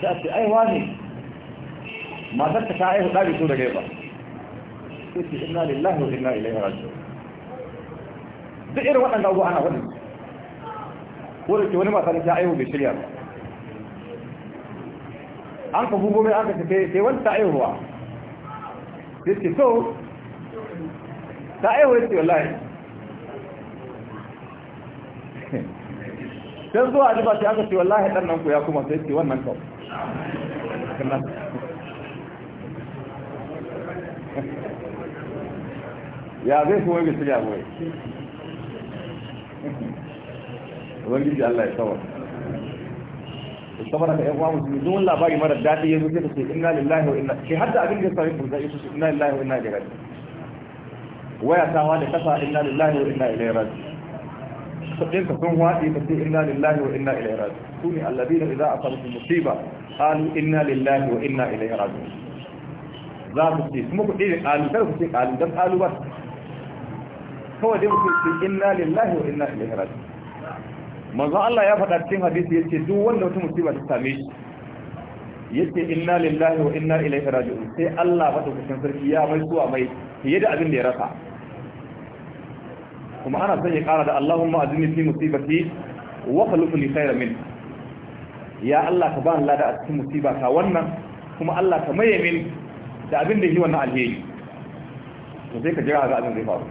sai ce aiwa ne matar ta aihu ɗari so da gaiba sai ce inna lillahi wa inna ilaihi raji'un duk irin waɗanda abubuwa ana faɗin ko da ke wani mata da ta aihu bai shirya ba an ka bugo mai an ka ce sai wani ta aihuwa sai ce so ta aihu ya ce wallahi sai zuwa ajiba jiba sai aka ce wallahi dan nan ku ya kuma sai ce wannan kau ya zai kuma bai shirya ba ubangiji Allah ya sawar Ya ka yan ƴan musulmi duk wani labari mara daɗi ya zo sai ka inna lillahi wa inna shi hadda abin da ya sami burza ya ce inna lillahi wa inna ilaihi raji waya tawa da kasa inna lillahi wa inna ilaihi raji sabbin ka sun waɗi ka ce inna lillahi wa inna ilaihi raji su ne alladina idza asabatu musiba qalu inna lillahi wa inna ilaihi raji za ku ce kuma ku ɗaya ƙalu kar ku ce ƙalu don ƙalu ba kawai dai ku ce inna lillahi wa inna ilaihi raji manzo Allah ya faɗa cikin hadisi yace duk wanda wata musiba ta same shi yace inna lillahi wa inna ilaihi raji'un sai Allah ba ta kusan sarki ya mai zuwa mai fiye da abin da ya rasa kuma ana son ya kara da Allahumma ajini fi musibati wa khalifu li khayran min ya Allah ka ba ni lada a cikin musiba ta wannan kuma Allah ka maye min da abin da yi wannan alheri to sai ka jira ga abin da ya faru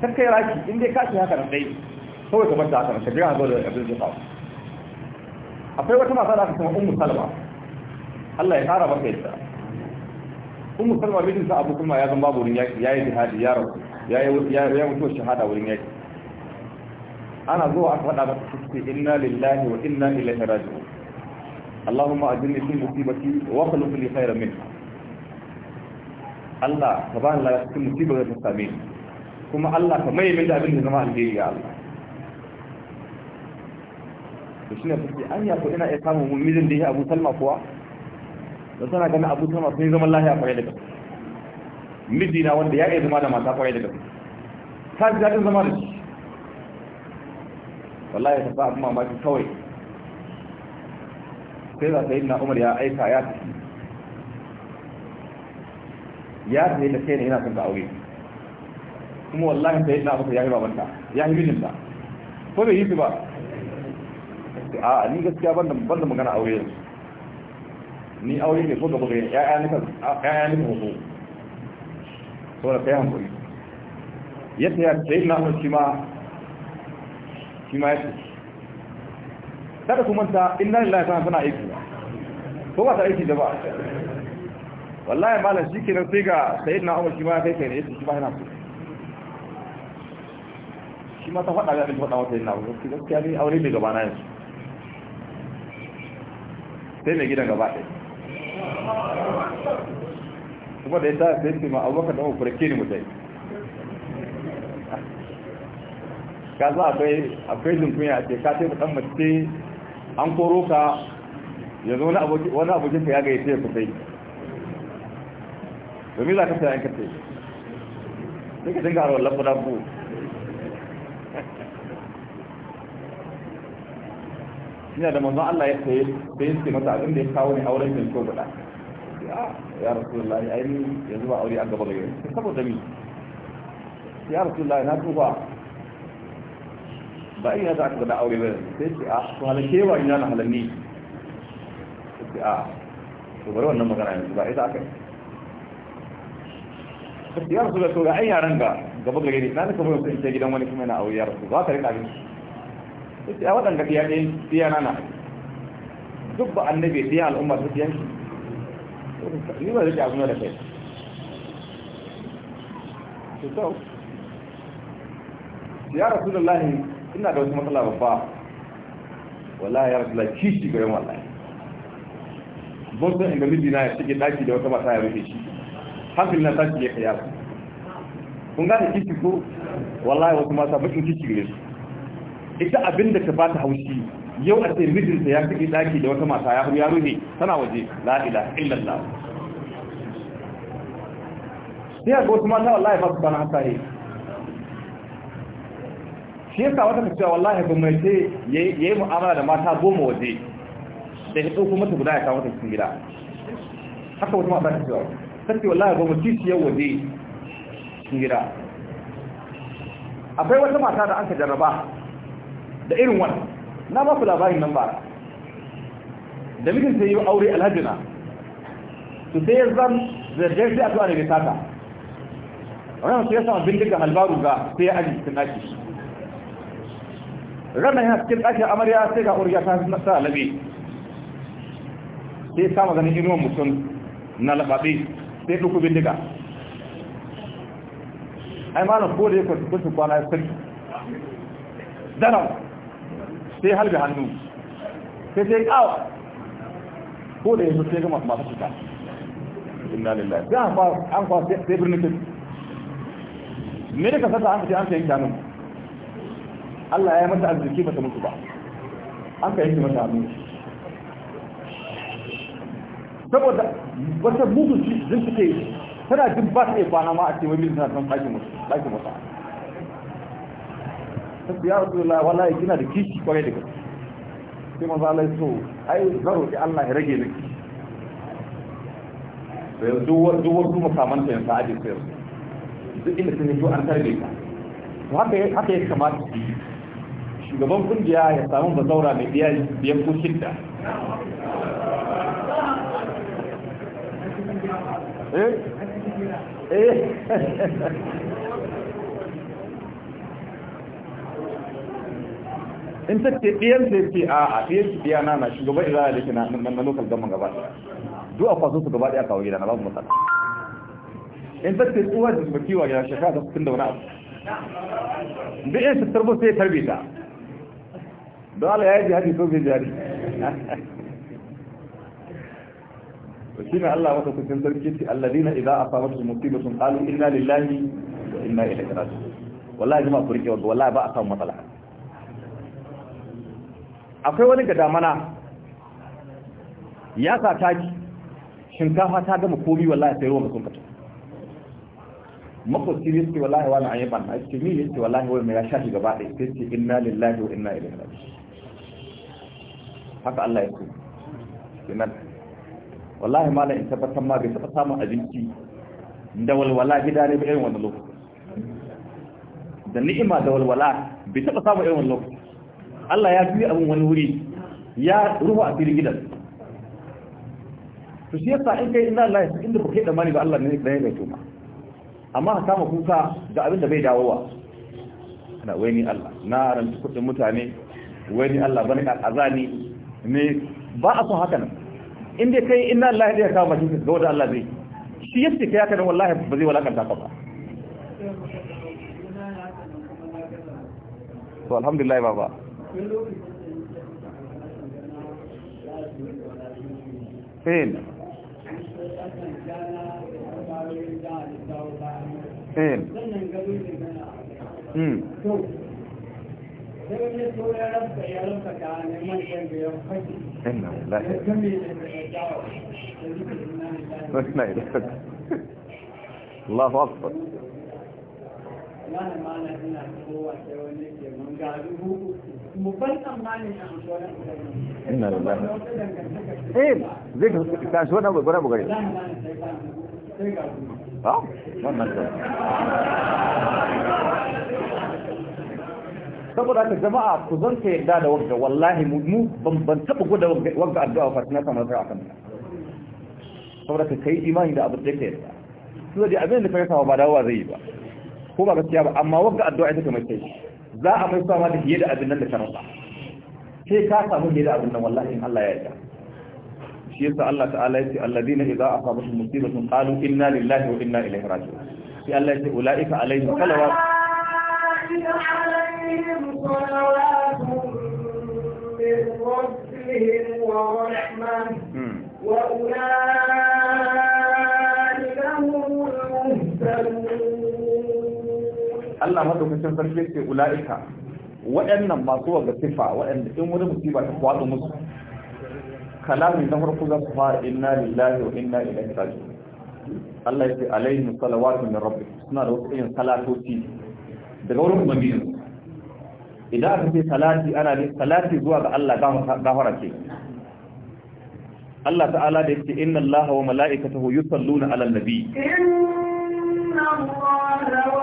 sai kai raki in dai ka shi haka nan dai kawai kamar da aka jira zo da abin da akwai wata mata da aka kuma ummu salma Allah ya tsara masa yadda ummu salma bijin sa abu kuma ya zama wurin yaki yi jihadi ya rasu ya mutu shahada wurin yaki ana zuwa aka faɗa masa cikin inna lillahi wa inna ilaihi raji'un Allahumma ajinni fi musibati wa khluq li khayran minha Allah ka ba ni lafiya cikin musibar da kuma Allah ka min to shine an anya ko ina iya samun mijin da ya Abu Salma kuwa da tana ganin Abu Salma sun zaman lahiya kwarai da gaske miji na wanda ya iya zama da mata kwarai da gaske ta ji daɗin zama da shi wallahi ta fa abin mamaki kawai sai za ta yi na umar ya aika ya tafi ya yi da sai ne yana son ta aure kuma wallahi ta yi na ta ya yi babanta ya yi mijinta ko bai yi su ba ce a ni gaskiya ban da magana aure yanzu ni aure ne ko gaba ga ya'ya nika ya'ya nika hoto saboda kai hankali ya tsaya sai na so shi ma shi ma ya ce kada ku manta inna lillahi ta tana aiki ko ba ta aiki da ba wallahi malam shi kenan sai ga sayyidina Umar shi ma ya kai kai ne yace shi ba yana so shi ma ta faɗa ga abin faɗa wata yana wani gaskiya ne aure ne gabana yanzu sai mai gidan gaba ɗaya kuma da ya sa sai ce ma abubakar da mafarki ne mutai ka za a kai a kai ce ka ce mutan mace an koro ka yanzu wani abokin ka ya gaya ce ku sai domin za ka sai an ka sai ka dinga harwar lafi ina da manzon Allah ya saye sai ce mata abin da ya kawo ne auren da ko bada ya rasulullahi ai yanzu ba aure an gaba ga yau saboda ni ya rasulullahi na tuba ba ina za ka da aure ba sai ce a to halake wa ina na halanni sai a to bari wannan magana yanzu ba idan aka yi ya rasulullahi to ga ai ga gaba gare ni na ka mun sai gidan wani kuma na aure ya rasu za ka rika abin sai a waɗanda ɗiya ne na nana duk ba annabi biya al'umma su ɗiyan shi ni ba zai abuna da kai su sau ya rasu da lahi ina da wasu matsala babba wallahi ya rasu da kishi ga yan wallahi ban san inda ya shige daki da wata mata ya rufe shi hankali na tashi ya kayar kun gane kishi ko wallahi wasu mata bakin kishi gare su ita abin da ta ba ta haushi yau a ce mijinta ya kike ɗaki da wata mata ya ya ruhe tana waje la ilaha illallah sai ga wasu mata wallahi ba su bana haka ne shi yasa wata ta cewa wallahi ba mai ce yayi mu'amala da mata goma waje da ya dauko mata guda ya kawo ta cikin gida haka wata mata ta cewa sarki wallahi goma yau waje cikin gida akwai wata mata da an ka jarraba da irin wani, na ba ku labarin nan ba. da mijin sai yi aure alhajina Su sai zan zargin sai a tuwa ne mai sata ranar sai ya sama bindiga halbaru ga sai ya aji cikin naki ranar yana cikin ɗakin amarya sai ga uriya ta fi nasara labe sai ya sama ganin inuwan mutum na labaɓe sai ya ɗuku bindiga ai malam ko da ya kwanci kwana ya sarki Danau. sai halbe hannu sai sai kawo ko da yanzu sai ga masu cuta inna lillahi za a fara an fara sai birnin kin me da ka an fi an sayi kanun Allah ya yi mata arziki ba ta mutu ba an ka yanke mata hannu saboda wata mutu zin suke tana jin ba ta iya kwana ma a cewa mil suna son ɗakin mutu ta ya rasulullah wallahi kina da kishi kwarai da gaske sai manzo Allah ya so ai zaro ki Allah ya rage miki sai duk duk wasu musamman ta yanzu aje sai duk inda sun yi to an tarbe ka to haka haka ya kamata ki shugaban kungiya ya samu bazaura mai biya biyan ko shidda eh eh in ta ce ɗiyan ta ce a a ɗiyan ki ɗiya na shugaban izala da ke na na lokal gaman gaba ɗaya duk a kwaso su gaba ɗaya kawo gida na babu matsala in ta ce tsuwa da su kiwa gida shekara ta sukun da wani abu duk yan tattar ba sai tarbe ta don Allah ya yi jihadi ko bai jihadi shi ne Allah wata kusin sarki ce alladina idza asabatu musibatun qalu inna lillahi wa inna ilaihi raji'un wallahi jama'a ku rike wallahi ba a samu matsala akwai wani ga damana ya sa taki shinkafa ta gama komi wallahi sai ruwa mutum kata makwasi ne suke wallahi wani an yi ban a cikin ne suke wallahi wani ya shafi gaba ɗaya sai ce inna lillahi wa inna ilaihi raji haka Allah ya ce kenan wallahi malam in tabbatar ma bai taba samun abinci da walwala gida ne ba irin wani lokaci da ni'ima da walwala bai taba samun irin wani lokaci Allah ya juya abin wani wuri ya ruwa a filin gidan su shi yasa in kai inna Allah inda kuke da mani ba Allah ne da ya mai tuma amma ka kama kuka da abin da bai dawowa ana wai ni Allah na rantu kudin mutane wani ni Allah bane azani ne ba a son haka nan in dai kai inna Allah ya kawo bakin ga wanda Allah zai shi yasa kai haka da wallahi ba zai wala ka ba to alhamdulillah baba Hmm. hin hin inna lillahi Allahu akbar Allah na mana ina kowa sai wani inna lillahi eh zai ka shi wannan gura gure ha wannan to saboda ta jama'a ku zanta yadda da wanda wallahi mu ban taba gwada wanda addu'a fa tana zai a kan saboda ka kai imani da abin da ke yadda su da abin da kai sama ba dawowa zai yi ba ko ba gaskiya ba amma wanda addu'a ita kamar ta yi za a mai sama da fiye da abin nan da ka rasa sai ka samu fiye da abin nan wallahi in Allah ya yarda shi yasa Allah ta'ala yace alladina idza asabatuhum musibatun qalu inna lillahi wa inna ilaihi raji'un sai Allah yace ulaika alaihim salawat وأولئك Allah madaukakin sarki ce ula'ika waɗannan masu wa sifa waɗanda in wani musiba ta kwaɗo musu kalamin na farko za su fara inna lillahi wa inna ilaihi raji'un Allah ya ce alaihim salawatu min rabbik suna da wasu irin salatoci daga wurin ubangiji idan aka ce salati ana ne salati zuwa ga Allah gafara ce Allah ta'ala da yake inna Allah wa mala'ikatahu yusalluna 'alan nabi inna Allah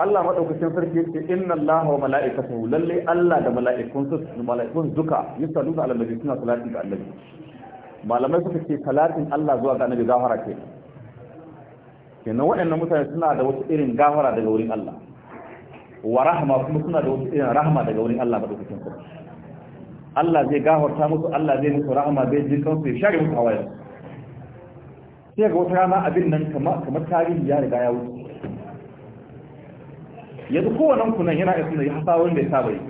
Allah madaukakin sarki yake inna Allah wa mala'ikatu lalle Allah da mala'ikun su mala'ikun duka yusallu ala nabi suna salati ga annabi malamai suka ce salatin Allah zuwa ga annabi gafara ke kenan waɗannan mutane suna da wata irin gafara daga wurin Allah wa rahma kuma suna da wata irin rahma daga wurin Allah madaukakin sarki Allah zai gafarta musu Allah zai musu rahama bai jin kansu ya share musu hawaye sai ga wata rana abin nan kamar tarihi ya riga ya wuce yanzu kowanne ku nan yana isa ya hasa wanda ya saba yi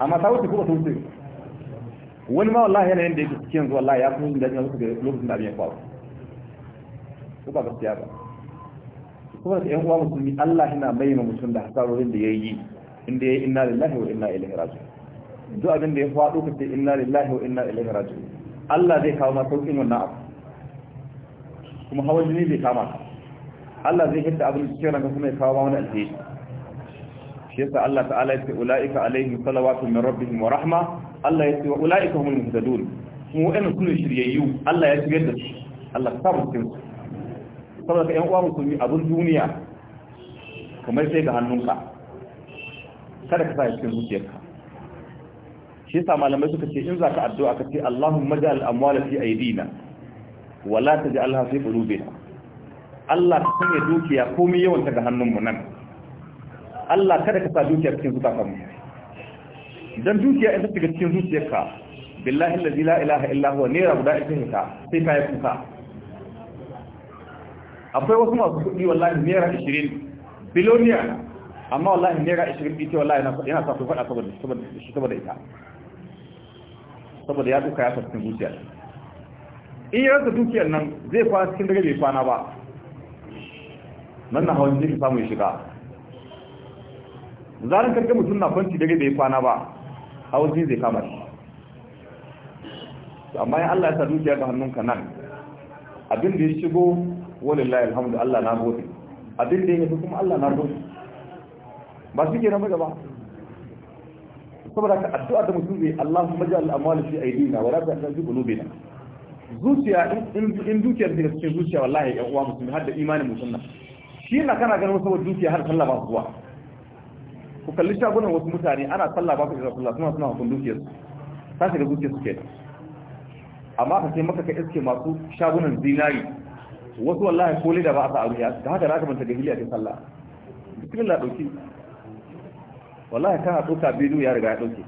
amma ta wuce kuma ta wuce wani ma wallahi yanayin da yake cikin yanzu wallahi ya fi yin dajin wasu lokacin da abin ya faru ko ba gaskiya ba kuma da ƴan uwa musulmi Allah yana bayyana mutum da hasarorin da ya yi inda ya yi inna lillahi wa inna ilaihi raji'un duk abin da ya faɗo ka ce inna lillahi wa inna ilaihi raji'un Allah zai kawo ma sauƙin wannan abu kuma hawan jini zai kama ka Allah zai hita abin da cikin ranka kuma ya kawo ma wani alheri shi yasa Allah ta'ala ya ce ulaika alaihim salawatu min rabbihim wa rahma Allah ya ce wa ulaika humul muhtadun mu wa'annan kullu shiryayyu Allah ya shiryar da su Allah ta mutum saboda ka yan uwa musulmi abin duniya kamar sai ga hannunka kada ka sa cikin zuciyarka shi yasa malamai suka ce in za ka addu'a ka ce Allahumma ja'al amwala fi aidina wa la taj'alha fi qulubina Allah ka sanya dukiya komai yawan ta ga hannunmu nan Allah kada ka sa dukiya cikin zukatanmu dan dukiya in ta cikin zuciyarka billahi allazi la ilaha illa huwa naira guda ita ne ka sai ka yi kuka akwai wasu masu kuɗi wallahi naira 20 biloniya amma wallahi naira 20 ita wallahi yana sa ku faɗa saboda ita saboda ya duka ya cikin zuciya in yi rasa dukiyar nan zai kwana cikin dare bai kwana ba nan na hawan jirgin samu ya shiga zaran karkar mutum na kwanci dare bai kwana ba hawan jirgin zai kama shi amma ya Allah ya sa dukiya da hannunka nan abin da ya shigo walillahi alhamdu Allah na gode abin da ya fi kuma Allah na gode ba su ke nan ba saboda ka addu'a da mutum zai Allahumma ja'al amwali fi aidina wa la ta'al fi qulubina zuciya in zuciya da cikin zuciya wallahi ya uwa mutum har da imanin musulmi shi na kana ganin wasu zuciya har sallah ba zuwa ku kalli shagunan wasu mutane ana sallah ba ku isa sallah suna suna hukun dukiyar su ta shiga dukiyar suke. amma ka sai maka ka iske masu shagunan zinari wasu wallahi ko da ba a sa a ruya da haka da aka manta hiliya ta sallah bismillah dauki wallahi a tsoka bidiyo ya riga ya ɗauke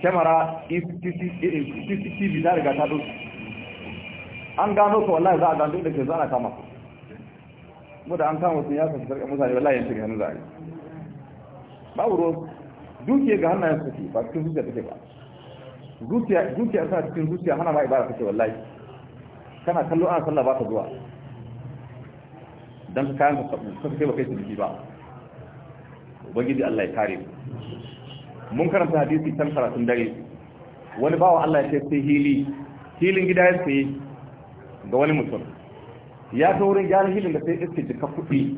kyamara cctv na riga ta ɗauke an gano ka wallahi za a gano da ke zana kama mu da an kama wasu, ya kasu sarƙa mutane wallahi yin shirya hannu za a yi babu ruwan dukiya ga hannayen suke ba cikin zuciya take ba dukiya tana cikin zuciya hana ma ibara take wallahi kana kallo ana sallah ba ta zuwa don kayan ka kai ba kai su jiki ba ubangiji Allah ya kare mun karanta hadisi kan karatun dare wani bawa Allah ya ce sai hili hilin gida ya sai ga wani mutum ya ta wurin gyara hilin da sai iske jika kuɗi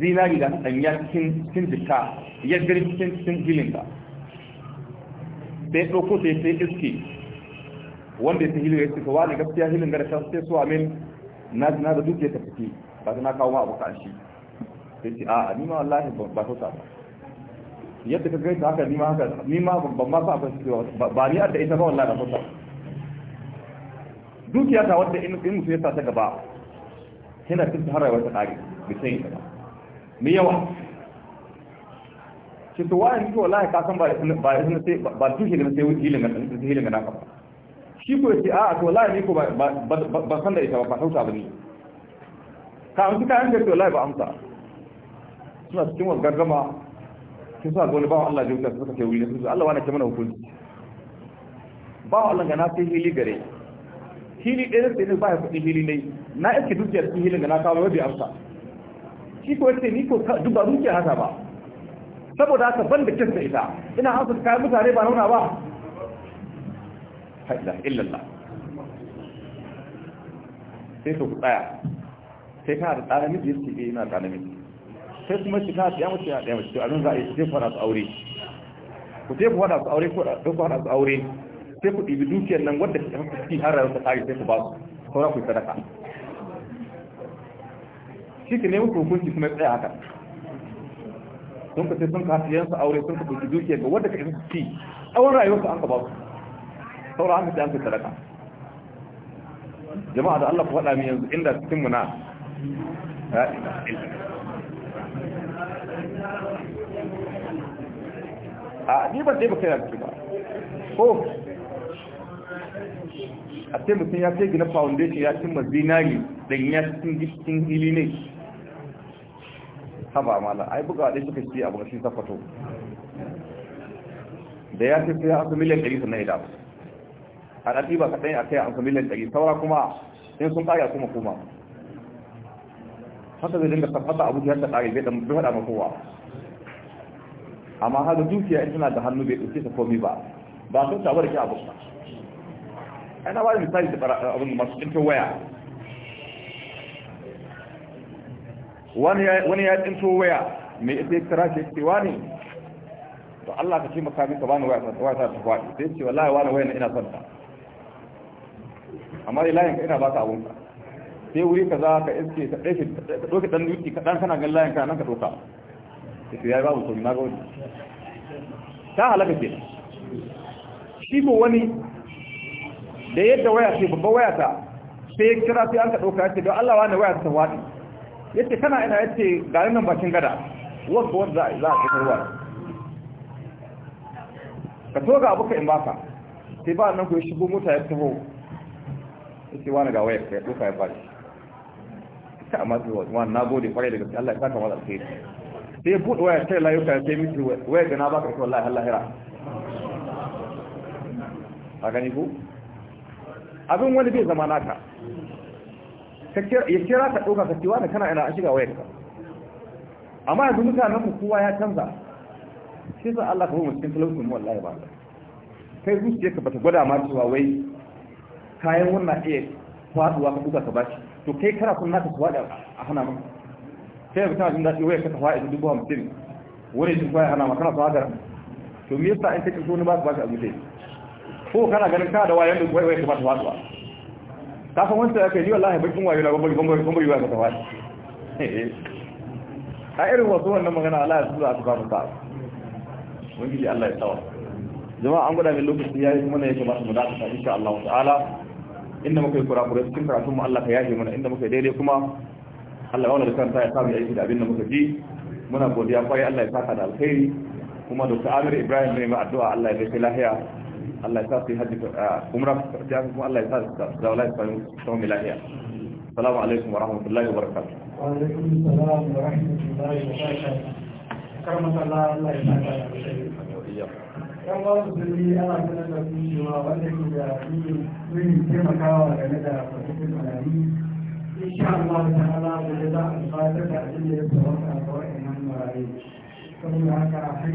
zinari da ya cikin cikin jika ya gari cikin cikin hilin ba sai ɗauko sai sai iske wanda ya ta hilin ya ce ka wani gaskiya hilin gara ta sai su amin na da duk ya ta fiti ba ta na kawo ma abu ka shi sai ce a'a ni ma wallahi ba hausa ba yadda ka gaita haka ni ma haka nima ma ban ma sa abin cewa ba ni adda ita ba wallahi ba sa dukiya ta wadda in in mutum ya sa ta gaba yana cin ta harawa ta kage bi sai ta ba me yawa ki to wa'an ki wallahi ka san ba ba sai ba tushe ne sai wuce hilin ga sai hilin ga naka ba shi ko yace a to wallahi ni ko ba ba san da ita ba ba sauta ba ni ka amsa ka amsa to wallahi ba amsa suna cikin wangar gama sai suna ga wani Allah jauta suka kai wuri su Allah wani ke mana hukunci wa Allah gana na sai hili gare hili ɗaya da ne ba ya kuɗi hili ne na iske dukiyar cikin hilin gana na kawo rabi amsa shi ko yace ni ko duk ba dukiya haka ba saboda haka ban da kinsa ita ina hansu kayan mutane ba nuna ba haɗa illallah sai su tsaya sai ka da tsara miji yake yana eh, tsara miji sai kuma shi ta ya mace ya ɗaya mace to abin za a yi sai ku haɗa su aure ku sai ku haɗa su aure ku haɗa su aure sai ku ɗibi dukiyar nan wadda ta fi ciki har rarrasa tsari sai ku ba su saura ku yi sadaka shi ka nemi hukunci kuma ya tsaya haka sun ka sai sun ka hasiyansu aure sun ka ɗauki dukiyar ga wadda ka isa ci tsawon rayuwarsu an ka ba su saura an ka sai an ka sadaka jama'a da Allah ku faɗa min yanzu inda cikin mu na a ni ban dai ba kai yanki ba ko a sai mutum ya sai gina foundation ya cimma zinari dan ya cikin gishin hili ne haba mala ai buga dai suka ce abu shi safato da ya ce sai aka miliyan 100 sannan idan a ɗafi ba kaɗai a kai aka miliyan 100 saura kuma in sun ƙari a kuma kuma haka zai dinga tabbata abu ta yadda ƙari bai faɗa ma makowa amma haka dukiya in suna da hannu bai ɗauke ta komai ba ba sun samu da ke abu ba ana ba da misali da abin masu tsinto waya wani ya tsinto waya mai ita ya kira shi cewa wani to Allah ka ce maka ka bani waya ta ta faɗi sai ce wallahi wani waya ina son ta amma dai layin ka ina ba ta abun ka sai wuri ka za ka iske ka ɗauki ɗan duki kaɗan kana gan layin ka nan ka ɗauka ya babu komi na gauji ta halaka ke shi ko wani da yadda waya ce babban waya ta sai kira sai an ka ɗauka ya ce don Allah wani waya ta waɗi ya ce kana ina ya ce ga nan bakin gada wadda wadda za a kasarwa ka to ga abuka in baka sai ba nan ku shigo mota ya taho ya ce wani ga waya ka ya ɗauka ya ba shi ta amma zuwa wani na gode kwarai daga Allah ya saka wani alheri sai ya buɗe waya sai layuka ya sai miki waya na ba ka ita wallahi hallahira a gani ku abin wani bai zama naka ya kira ka ɗauka ka ciwa da kana ina an shiga ka amma yanzu mutanen mu kowa ya canza sai sa Allah ka bar mu cikin talaucin mu wallahi ba kai zuciya ka bata gwada ma cewa wai kayan wannan iya faduwa ka duka ka bashi to kai kana kun naka kwaɗa a hana maka sai ya tana jin daɗi waya ka tafa idan dubu hamsin wani jin baya hana makana su hadara to me yasa in take so ba su ba ka abu ko kana ganin ka da waya da waya ka ba ta faɗuwa ta san wanda ya kai ni wallahi bakin waya la bambari bambari bambari waya ka tafa a irin wasu wannan magana Allah ya su za su ba mu sa'a wani Allah ya tsawa jama'a an gwada min lokaci ya kuma mana ya kamata mu dakata insha Allah ta'ala inda muka yi kura cikin karatun mu Allah ka yaje mana inda muka yi daidai kuma Allah wannan da ta ya samu aiki da abin da muka ji muna godiya kai Allah ya saka da alheri kuma da Dr. Amir Ibrahim ne ma addu'a Allah ya shi lafiya Allah ya sa su hajji umra ta kuma Allah ya sa su da wallahi su mi lafiya assalamu alaikum wa rahmatullahi wa barakatuh wa alaikum assalam wa rahmatullahi wa barakatuh karama Allah ya saka da alkhairi yan ba su zuri ana sanar da su cewa wanda ke da yin taimakawa game da fasikin alami insha Allah ta'ala da za a fadar da abin da ya faru a kawai nan marayu saboda